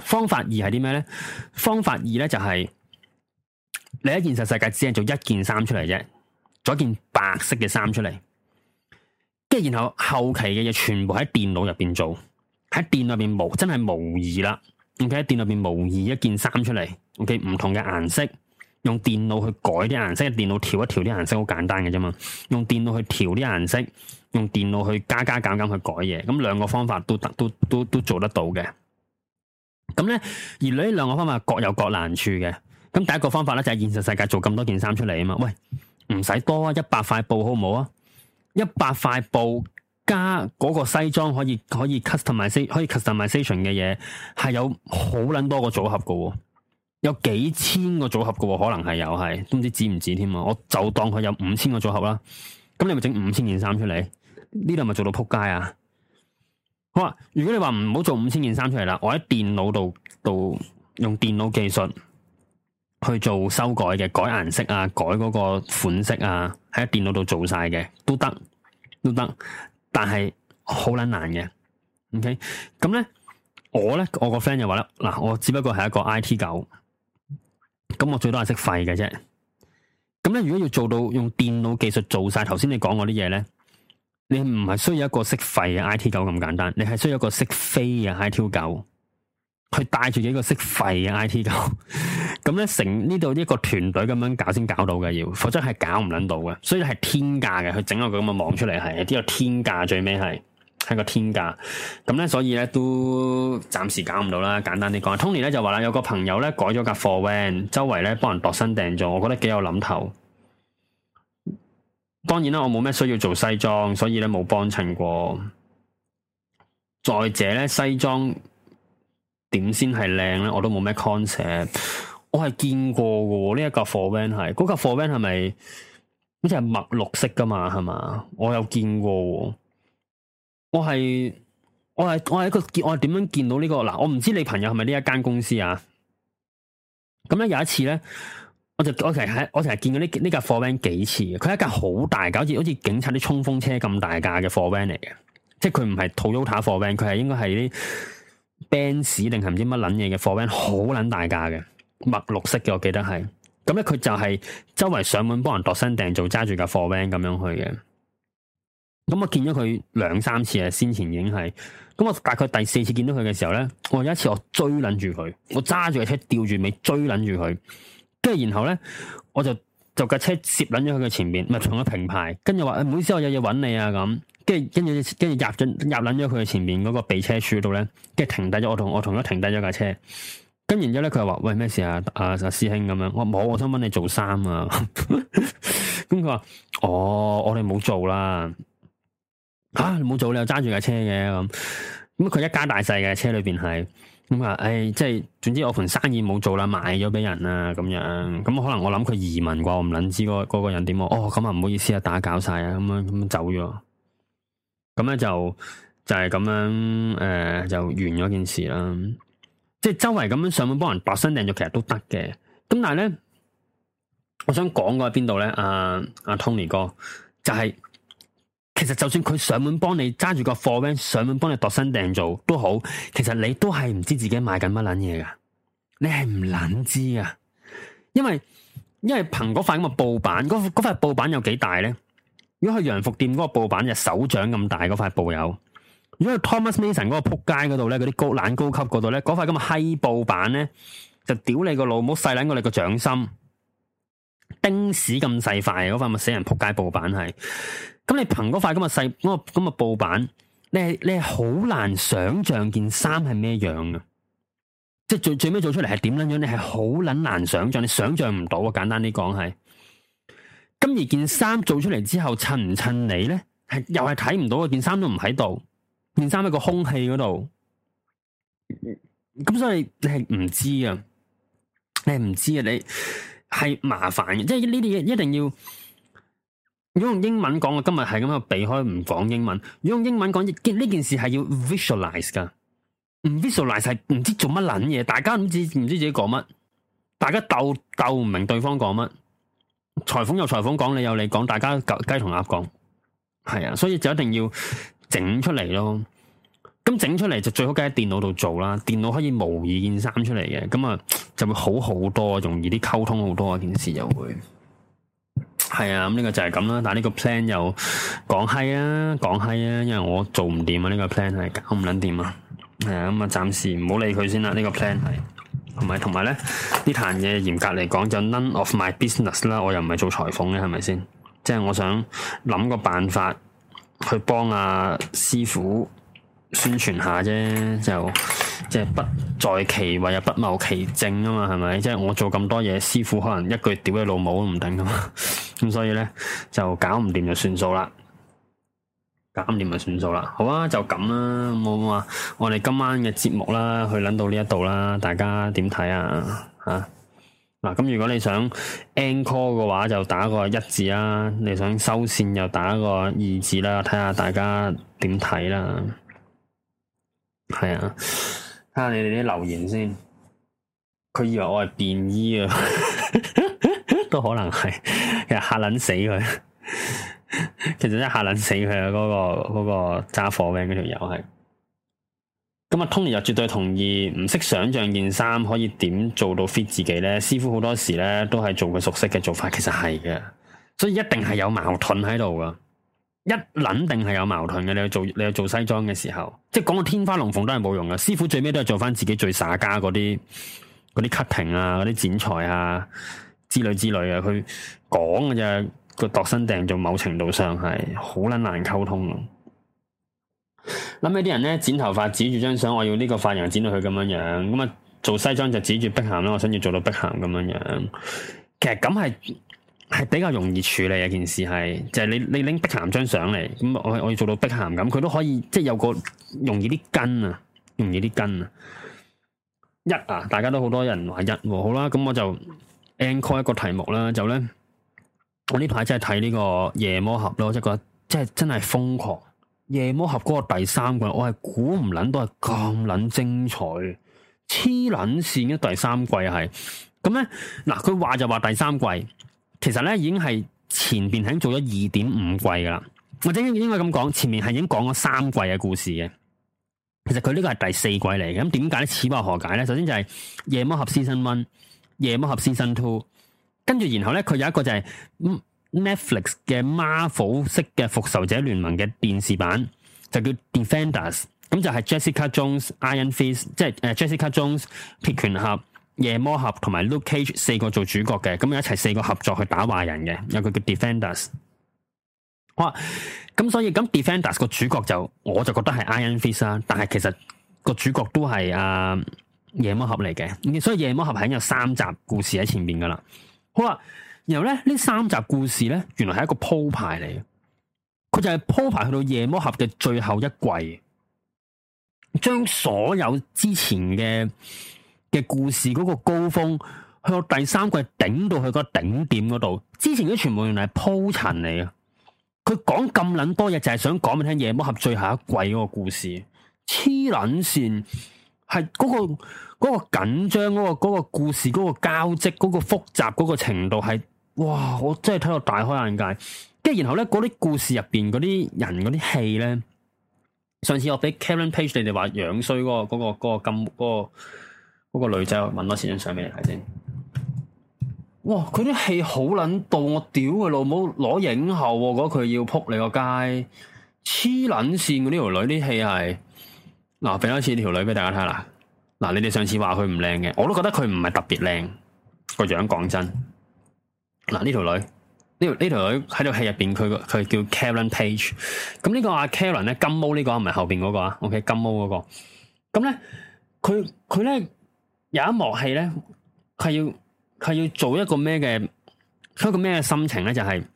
方法二係啲咩咧？方法二咧就係你喺現實世界只係做一件衫出嚟啫，做一件白色嘅衫出嚟。即然後後期嘅嘢，全部喺電腦入邊做，喺電腦入邊模，真係模擬啦。O K 喺電腦入邊模擬一件衫出嚟，O K，唔同嘅顏色，用電腦去改啲顏色，電腦調一調啲顏色好簡單嘅啫嘛。用電腦去調啲顏色，用電腦去加加減減去改嘢，咁兩個方法都得，都都都做得到嘅。咁咧，而呢兩個方法各有各難處嘅。咁第一個方法咧就係、是、現實世界做咁多件衫出嚟啊嘛，喂，唔使多啊，一百塊布好唔好啊？一百塊布加嗰個西裝，可以可以 customize 可以 customization 嘅嘢，係有好捻多個組合嘅，有幾千個組合嘅，可能係有係都唔知止唔止添啊！我就當佢有五千個組合啦。咁你咪整五千件衫出嚟，呢度咪做到撲街啊！好啊，如果你話唔好做五千件衫出嚟啦，我喺電腦度度用電腦技術。去做修改嘅，改顏色啊，改嗰個款式啊，喺電腦度做晒嘅都得，都得，但係好撚難嘅。OK，咁咧，我咧，我個 friend 就話啦，嗱，我只不過係一個 IT 狗，咁我最多係識吠嘅啫。咁咧，如果要做到用電腦技術做晒頭先你講嗰啲嘢咧，你唔係需要一個識吠嘅 IT 狗咁簡單，你係需要一個識飛嘅 IT 狗。佢帶住幾個識吠嘅 I T 狗，咁 <laughs> 咧、嗯、成呢度一個團隊咁樣搞先搞到嘅，要否則係搞唔捻到嘅，所以係天價嘅。佢整個個咁嘅網出嚟係呢個天價，最尾係係個天價。咁咧，所以咧都暫時搞唔到啦。簡單啲講，Tony 咧就話啦，有個朋友咧改咗架貨 van，周圍咧幫人度身訂做，我覺得幾有諗頭。當然啦，我冇咩需要做西裝，所以咧冇幫襯過。再者咧，西裝。點先係靚咧？我都冇咩 concept。我係見過喎，呢一架貨 van 係嗰架貨 van 係咪？好似係墨綠色噶嘛，係嘛？我有見過。我係我係我係一個我係點樣見到呢個嗱？我唔知你朋友係咪呢一間公司啊？咁咧有一次咧，我就我成日我成日見到呢呢架貨 van 幾次嘅。佢一架好大架，好似好似警察啲衝鋒車咁大架嘅貨 van 嚟嘅，即係佢唔係 Toyota 貨 van，佢係應該係啲。Benz 定係唔知乜捻嘢嘅，貨 van 好捻大架嘅，墨綠色嘅。我記得係咁咧，佢就係周圍上門幫人度身訂做揸住架貨 van 咁樣去嘅。咁我見咗佢兩三次啊，先前已經係咁。我大概第四次見到佢嘅時候咧，我有一次我追捻住佢，我揸住個車，吊住尾追捻住佢，跟住然後咧，我就就架車攝捻咗佢嘅前面，咪係搶咗平排，跟住話唔好意思我有嘢揾你啊，咁。跟住跟住跟住入咗入撚咗佢前面嗰個避車處度咧，跟住停低咗，我同我同佢停低咗架車。跟完之後咧，佢又話：喂，咩事啊？啊，阿、啊啊、師兄咁樣。我冇，我想搵你做衫啊。咁佢話：哦，我哋冇做啦。吓、啊，冇做你又揸住架車嘅咁。咁佢一家大細嘅車裏邊係咁啊，唉、哎，即係總之我盤生意冇做啦，賣咗俾人啦，咁樣。咁可能我諗佢移民啩，我唔捻知嗰嗰個人點。哦，咁啊唔好意思啊，打攪晒啊，咁樣咁樣走咗。咁咧就就係咁樣誒就完咗件事啦。即係周圍咁樣上門幫人度身訂做，其實都得嘅。咁但係咧，我想講嘅喺邊度咧？阿、啊、阿、啊、Tony 哥就係、是，其實就算佢上門幫你揸住個貨 Van，上門幫你度身訂做都好，其實你都係唔知自己買緊乜捻嘢噶。你係唔捻知啊，因為因為憑嗰塊咁嘅布板，嗰嗰塊布板有幾大咧？如果去洋服店嗰個布板就手掌咁大嗰塊布有，如果去 Thomas Mason 嗰個仆街嗰度咧，嗰啲高冷高級嗰度咧，嗰塊咁嘅閪布板咧，就屌你個老母細捻過你個掌心，丁屎咁細塊嗰塊咪死人仆街布板係。咁你憑嗰塊咁嘅細嗰個咁嘅，那個這個，布板，你係你係好難想象件衫係咩樣嘅，即係最最尾做出嚟係點捻樣，你係好捻難想象，你想象唔到啊！簡單啲講係。咁而件衫做出嚟之後，襯唔襯你咧？係又係睇唔到件衫都唔喺度，件衫喺個空氣嗰度。咁所以你係唔知啊，你係唔知啊，你係麻煩嘅。即係呢啲嘢一定要。如果用英文講，我今日係咁樣避開唔講英文。如果用英文講，呢件呢件事係要 visualize 噶。唔 visualize 係唔知做乜撚嘢，大家唔知唔知自己講乜，大家斗斗唔明對方講乜。裁縫有裁縫講你有你講，講大家雞同鴨講，係啊，所以就一定要整出嚟咯。咁整出嚟就最好梗係電腦度做啦，電腦可以模擬件衫出嚟嘅，咁啊就會好好多，容易啲溝通好多啊，件、嗯、事、這個、就會係啊。咁呢個就係咁啦，但係呢個 plan 又講係啊，講係啊，因為我做唔掂啊，呢、這個 plan 係搞唔捻掂啊，係啊，咁啊暫時唔好理佢先啦，呢、這個 plan 係。同埋，同埋咧，呢壇嘢嚴格嚟講就 None of my business 啦，我又唔係做裁縫嘅，係咪先？即係我想諗個辦法去幫阿、啊、師傅宣傳下啫，就即係不在其位不謀其政啊嘛，係咪？即係我做咁多嘢，師傅可能一句屌你老母都唔頂㗎嘛。咁 <laughs> 所以咧就搞唔掂就算數啦。減點咪算數啦，好啊，就咁啦，冇啊！我哋今晚嘅節目啦，去諗到呢一度啦，大家點睇啊？吓、啊、嗱，咁如果你想 encore 嘅話，就打個一字啦、啊；你想收線又打個二字啦、啊，睇下大家點睇啦。係啊，睇下、啊、你哋啲留言先。佢以為我係便衣啊， <laughs> 都可能係，吓，吓，撚死佢。 <laughs> 其實一下捻死佢啊！嗰、嗰個、嗰個揸火柄嗰條友係，咁啊，Tony 又絕對同意，唔識想象件衫可以點做到 fit 自己咧。師傅好多時咧都係做佢熟悉嘅做法，其實係嘅，所以一定係有矛盾喺度噶。一捻定係有矛盾嘅，你去做你去做西裝嘅時候，即係講到天花龍鳳都係冇用嘅。師傅最尾都係做翻自己最耍家嗰啲嗰啲 cutting 啊，嗰啲剪裁啊之類之類嘅，佢講嘅啫。個度身訂做，某程度上係好捻難溝通咯。諗起啲人咧剪頭髮，指住張相，我要呢個髮型剪到佢咁樣樣。咁啊，做西裝就指住碧咸啦，我想要做到碧咸咁樣樣。其實咁係係比較容易處理一件事，係就係、是、你你拎碧咸張相嚟，咁我我要做到碧咸咁，佢都可以即係有個容易啲跟啊，容易啲跟啊。一啊，大家都好多人話一，好啦，咁我就 anchor 一個題目啦，就咧。我呢排真係睇呢個《夜魔俠》咯，即係覺得真係真係瘋狂。《夜魔俠》嗰個第三季，我係估唔捻到係咁捻精彩，黐捻線嘅第三季係。咁咧嗱，佢話就話第三季，其實咧已經係前邊喺做咗二點五季噶啦，或者應應該咁講，前面係已經講咗三季嘅故事嘅。其實佢呢個係第四季嚟嘅，咁點解呢？此話何解咧？首先就係《夜魔俠》Season One，《夜魔俠》Season Two。跟住，然後咧，佢有一個就係 Netflix 嘅 Marvel 式嘅《復仇者聯盟》嘅電視版，就叫 Defenders。咁就係 Jessica Jones Iron Fist、Iron Fist，即係誒 Jessica Jones、鐵拳俠、夜魔俠同埋 Luke Cage 四個做主角嘅，咁一齊四個合作去打壞人嘅，有個叫 Defenders。好、啊！咁所以咁 Defenders 個主角就，我就覺得係 Iron Fist 啦、啊，但係其實、那個主角都係啊、呃、夜魔俠嚟嘅，所以夜魔俠係有三集故事喺前面噶啦。好啊，然後咧呢三集故事咧，原來係一個鋪排嚟，佢就係鋪排去到夜魔俠嘅最後一季，將所有之前嘅嘅故事嗰個高峰去到第三季頂到去個頂點嗰度，之前全都全部用嚟鋪陳嚟嘅，佢講咁捻多嘢就係、是、想講俾你聽夜魔俠最後一季嗰個故事，黐捻線。係嗰個嗰個緊張嗰個嗰個故事嗰個交織嗰個複雜嗰個程度係哇！我真係睇到大開眼界。跟住然後咧嗰啲故事入邊嗰啲人嗰啲戲咧，上次我俾 Karen Page 你哋話樣衰嗰個嗰個嗰個咁嗰個嗰個女仔，我問多次張相俾你睇先。哇！佢啲戲好捻到我屌佢老母攞影后喎、啊！嗰句要撲你個街黐捻線！我呢條女啲戲係。嗱，俾多次條女俾大家睇啦。嗱，你哋上次話佢唔靚嘅，我都覺得佢唔係特別靚個樣，講真。嗱，呢條女呢條呢條女喺度戲入邊，佢佢叫 Karen Page。咁呢個阿 Karen 咧金毛呢、這個唔係後邊嗰、那個啊？OK，金毛嗰、那個咁咧，佢佢咧有一幕戲咧佢要佢要做一個咩嘅，一個咩嘅心情咧就係、是、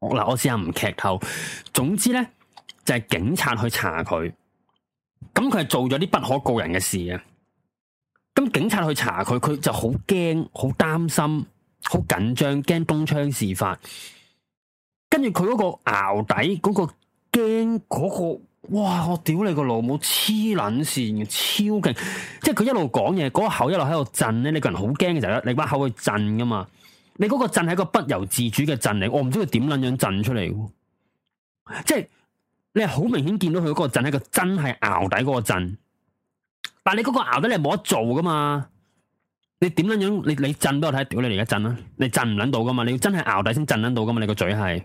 嗱，我試下唔劇透。總之咧就係、是、警察去查佢。咁佢係做咗啲不可告人嘅事啊！咁警察去查佢，佢就好驚、好擔心、好緊張，驚東窗事發。跟住佢嗰個淆底嗰個驚嗰個，哇！我屌你個老母黐捻線嘅超勁！即係佢一路講嘢，嗰口一路喺度震咧。你個人好驚嘅時候你把口去震噶嘛？你嗰個震係個不由自主嘅震嚟，我唔知佢點捻樣震出嚟。即係。你係好明顯見到佢嗰個震係個真係淆底嗰個震，但係你嗰個淆底你係冇得做噶嘛？你點樣樣？你你震都睇，屌你嚟一震啦！你震唔撚到噶嘛？你要真係淆底先震撚到噶嘛？你個嘴係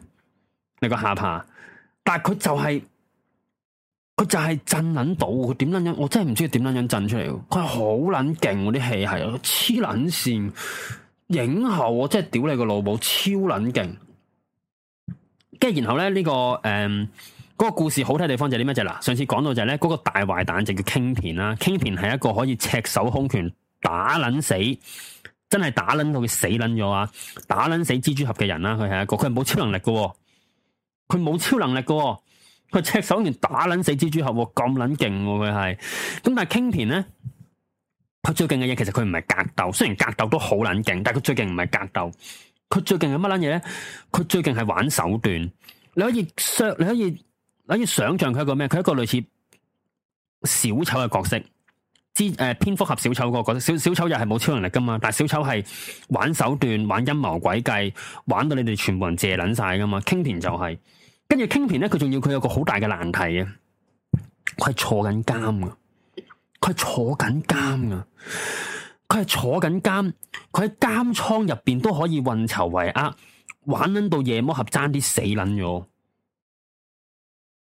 你個下巴，但係佢就係、是、佢就係震撚到，佢點撚樣？我真係唔知佢點撚樣震出嚟。佢係好撚勁，我啲氣係黐撚線，影后我真係屌你個腦部超撚勁。跟住然後咧呢、這個誒。嗯嗰個故事好睇嘅地方就係啲咩？就係啦，上次講到就係咧，嗰個大壞蛋就叫傾田啦。傾田係一個可以赤手空拳打撚死，真係打撚到佢死撚咗啊！打撚死蜘蛛俠嘅人啦，佢係一個佢冇超能力嘅，佢冇超能力嘅，佢赤手空拳打撚死蜘蛛俠，咁撚勁佢係。咁但係傾田咧，佢最勁嘅嘢，其實佢唔係格鬥，雖然格鬥都好撚勁，但係佢最勁唔係格鬥，佢最勁係乜撚嘢咧？佢最勁係玩手段，你可以削，你可以。諗住想象佢一個咩？佢一個類似小丑嘅角色，之誒蝙蝠俠小丑嗰個角色。小丑小丑又係冇超能力噶嘛？但係小丑係玩手段、玩陰謀詭計，玩到你哋全部人借撚晒噶嘛？傾田就係、是，跟住傾田咧，佢仲要佢有個好大嘅難題嘅，佢係坐緊監啊，佢係坐緊監啊，佢係坐緊監，佢喺監倉入邊都可以運籌帷幄，玩撚到夜魔俠爭啲死撚咗。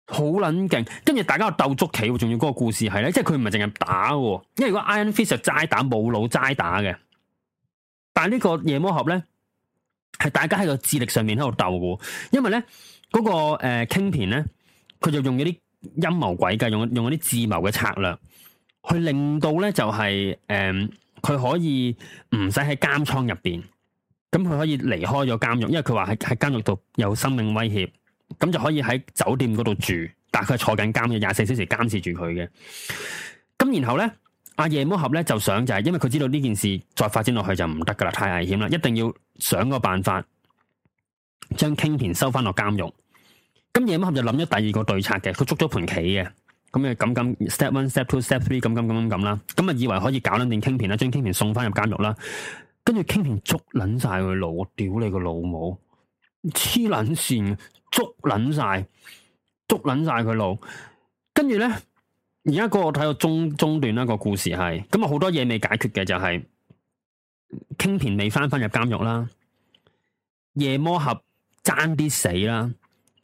好捻勁，跟住大家去鬥捉棋，仲要嗰個故事係咧，即係佢唔係淨係打，因為如果 Iron Fist 就齋打冇腦齋打嘅，但係呢個夜魔俠咧係大家喺個智力上面喺度鬥嘅，因為咧嗰、那個誒 Kingpin 咧，佢、呃、就用咗啲陰謀詭計，用用啲智謀嘅策略去令到咧就係、是、誒，佢、呃、可以唔使喺監倉入邊，咁佢可以離開咗監獄，因為佢話喺喺監獄度有生命威脅。咁就可以喺酒店嗰度住，但係佢係坐緊監嘅，廿四小時監視住佢嘅。咁然後咧，阿夜魔俠咧就想就係，因為佢知道呢件事再發展落去就唔得噶啦，太危險啦，一定要想個辦法將傾田收翻落監獄。咁夜魔俠就諗咗第二個對策嘅，佢捉咗盤棋嘅，咁啊咁咁 step one step two step three 咁咁咁咁啦，咁啊以為可以搞捻掂傾田啦，將傾田送翻入監獄啦，跟住傾田捉捻晒佢老，我屌你個老母，黐捻線。捉捻晒，捉捻晒佢路。跟住咧，而家嗰個睇到中中段一個故事係，咁啊好多嘢未解決嘅就係、是，傾田未翻翻入監獄啦，夜魔俠爭啲死啦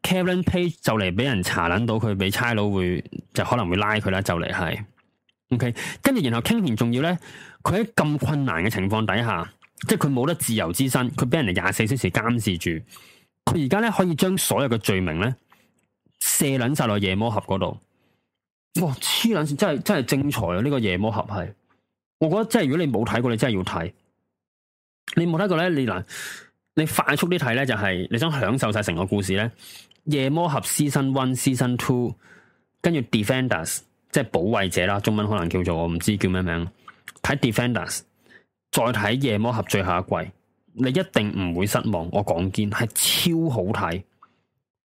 ，Karen Page 就嚟俾人查捻到佢，俾差佬會就可能會拉佢啦，就嚟係，OK，跟住然後傾田仲要咧，佢喺咁困難嘅情況底下，即係佢冇得自由之身，佢俾人哋廿四小時監視住。佢而家咧可以將所有嘅罪名咧卸捻晒落夜魔俠嗰度。哇黐捻線，真係真係精彩啊！呢個夜魔俠係，我覺得即係如果你冇睇過，你真係要睇。你冇睇過咧？你嗱，你快速啲睇咧，就係你想享受晒成個故事咧。夜魔俠 season one、season two，跟住 defenders 即係保衛者啦，中文可能叫做我唔知叫咩名，睇 defenders，再睇夜魔俠最後一季。你一定唔會失望，我講堅係超好睇，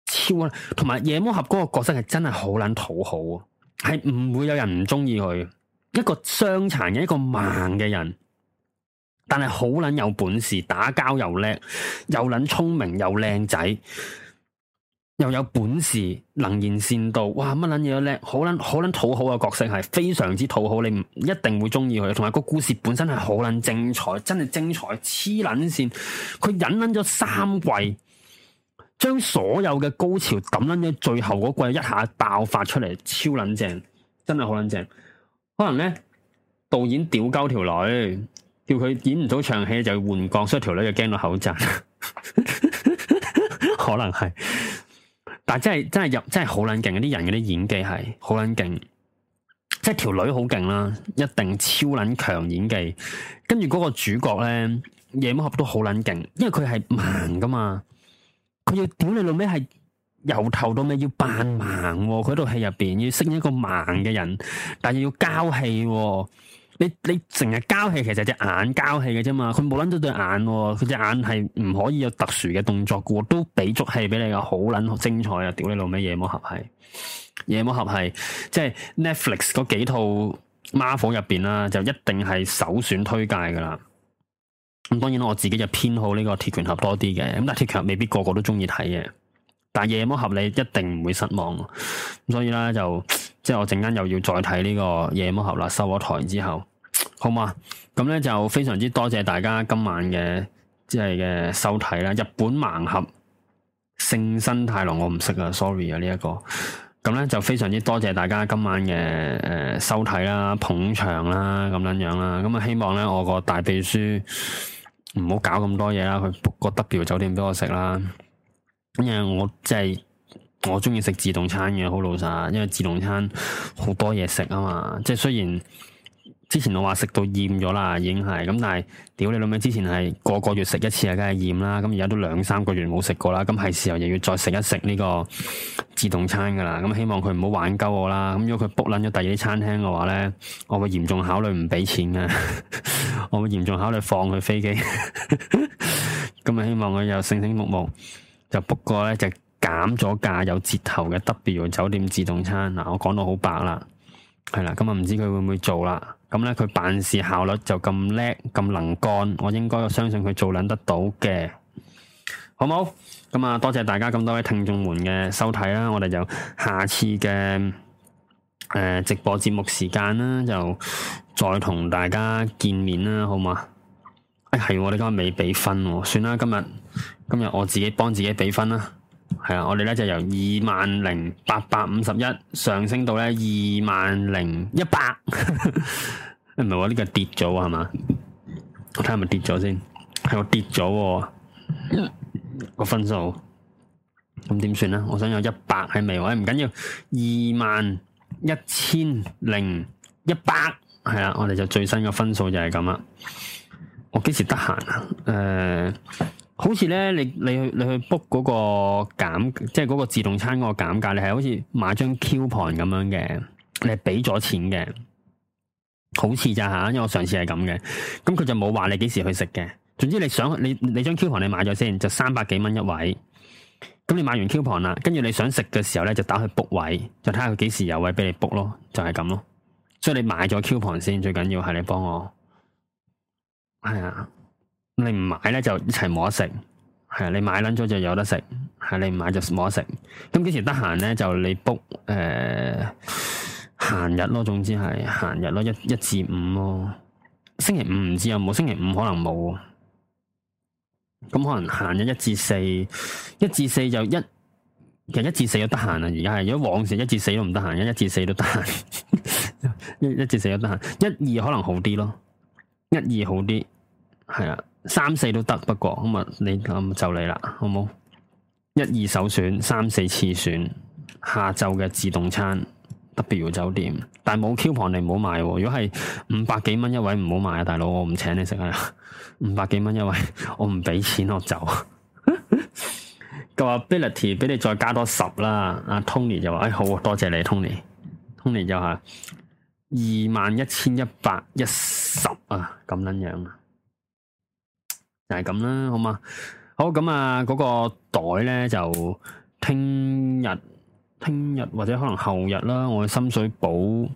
超啊！同埋夜魔俠嗰個角色係真係好捻討好，係唔會有人唔中意佢。一個傷殘嘅一個盲嘅人，但係好捻有本事，打交又叻，又捻聰明又靚仔。又有本事、能言善道，哇！乜捻嘢都叻，好捻好捻討好嘅角色係非常之討好，你唔一定會中意佢。同埋個故事本身係好捻精彩，真係精彩，黐捻線。佢引捻咗三季，將所有嘅高潮咁捻咗，最後嗰季一下爆發出嚟，超捻正，真係好捻正。可能呢，導演屌鳩條女，叫佢演唔到場戲就換角，所以條女就驚到口震， <laughs> 可能係。但真係真係入真係好撚勁，啲人嗰啲演技係好撚勁，即係條女好勁啦，一定超撚強演技。跟住嗰個主角咧，夜魔俠都好撚勁，因為佢係盲噶嘛，佢要屌你老味係由頭到尾要扮盲，佢套戲入邊要識一個盲嘅人，但係要交戲啊。你你成日交戲，其實隻眼交戲嘅啫嘛。佢冇諗到對眼、喔，佢隻眼係唔可以有特殊嘅動作嘅。都俾足戲俾你嘅，好捻精彩啊！屌你老味，夜魔俠係夜魔俠係，即係 Netflix 嗰幾套 Marvel 入邊啦，就一定係首選推介噶啦。咁當然我自己就偏好呢個鐵拳俠多啲嘅。咁但係鐵拳俠未必個個都中意睇嘅，但係夜魔俠你一定唔會失望。咁所以咧就。即係我陣間又要再睇呢、這個夜魔盒啦，收咗台之後，好嘛？咁咧，就非常之多謝大家今晚嘅即係嘅收睇啦。日本盲俠勝新太郎我，我唔識啊，sorry 啊呢一、這個。咁咧，就非常之多謝大家今晚嘅，誒、呃、收睇啦、捧場啦、咁樣樣啦。咁啊希望咧我個大秘書唔好搞咁多嘢啦，去 book 個 W 酒店俾我食啦。因、嗯、為我即係。我中意食自動餐嘅，好老實，因為自動餐好多嘢食啊嘛。即係雖然之前我話食到厭咗啦，已經係咁，但係屌你老味，之前係個個月食一次啊，梗係厭啦。咁而家都兩三個月冇食過啦，咁係時候又要再食一食呢個自動餐噶啦。咁希望佢唔好玩鳩我啦。咁如果佢 book 捻咗第二啲餐廳嘅話咧，我會嚴重考慮唔俾錢嘅。 <laughs> 我會嚴重考慮放佢飛機。咁啊，希望佢又醒醒目目目，就 book 過咧就。減咗價有折頭嘅 W 酒店自動餐嗱，我講到好白啦，係啦。今日唔知佢會唔會做啦。咁咧，佢辦事效率就咁叻咁能幹，我應該相信佢做捻得到嘅，好冇？咁、嗯、啊，多謝大家咁多位聽眾們嘅收睇啊！我哋就下次嘅誒、呃、直播節目時間啦，就再同大家見面啦，好嘛？誒、哎，係我哋今日未俾分、哦，算啦，今日今日我自己幫自己俾分啦。係啊，我哋咧就由二萬零八百五十一上升到咧二萬零一百，唔係我呢個跌咗係嘛？我睇下咪跌咗先，係我跌咗個分數，咁點算咧？我想有一百係尾位，欸，唔緊要，要，二萬一千零一百係啊，我哋就最新嘅分數就係咁啦。我幾時得閒啊？誒、呃。好似咧，你你去你去 book 嗰個減，即係嗰個自動餐嗰個減價，你係好似買張 coupon 咁樣嘅，你係俾咗錢嘅，好似咋吓？因為我上次係咁嘅，咁佢就冇話你幾時去食嘅。總之你想你你張 coupon 你買咗先，就三百幾蚊一位。咁你買完 coupon 啦，跟住你想食嘅時候咧，就打去 book 位，就睇下佢幾時有位俾你 book 咯，就係咁咯。所以你買咗 coupon 先，最緊要係你幫我，係啊。你唔買咧就一齊冇得食，係啊，你買捻咗就有得食，係你唔買就冇得食。咁幾時得閒咧就你 book 誒，閒日咯，總之係閒日咯，一一至五咯，哦，星期五唔知有冇，星期五可能冇。咁可能閒日一至四，一至四就一其實一至四都得閒啊，而家係如果往時一至四都唔得閒，而一至四都得閒， <laughs> 一一至四都得閒，一,一二可能好啲咯，一二好啲係啊。三四都得，不過咁啊，你咁、嗯、就你啦，好唔好？一二首選，三四次選，下晝嘅自動餐，W 酒店，但係冇 coupon 你唔好買、哦。如果係五百幾蚊一位唔好買啊，大佬我唔請你食啊， <laughs> 五百幾蚊一位 <laughs> 我唔俾錢我走。佢話 ability 俾你再加多十啦，阿、啊、Tony 就話哎好多謝你 Tony，Tony Tony 就話二萬一千一百一十啊，咁樣樣。就係咁啦，好嘛？好咁啊，嗰、那個袋咧就聽日、聽日或者可能後日啦。我去深水埗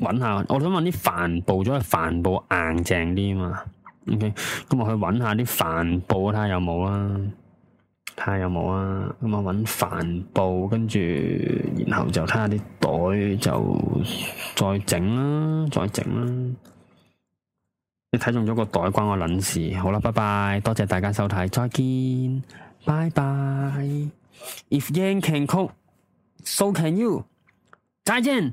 搵下，我想搵啲帆布，因為帆布硬淨啲嘛。OK，咁我去搵下啲帆布睇下有冇啦，睇下有冇啊。咁啊，搵帆布，跟住然後就睇下啲袋就再整啦，再整啦。睇中咗個袋關我撚事，好啦，拜拜，多謝大家收睇，再見，拜拜。If Yan can cook, so can you。再見。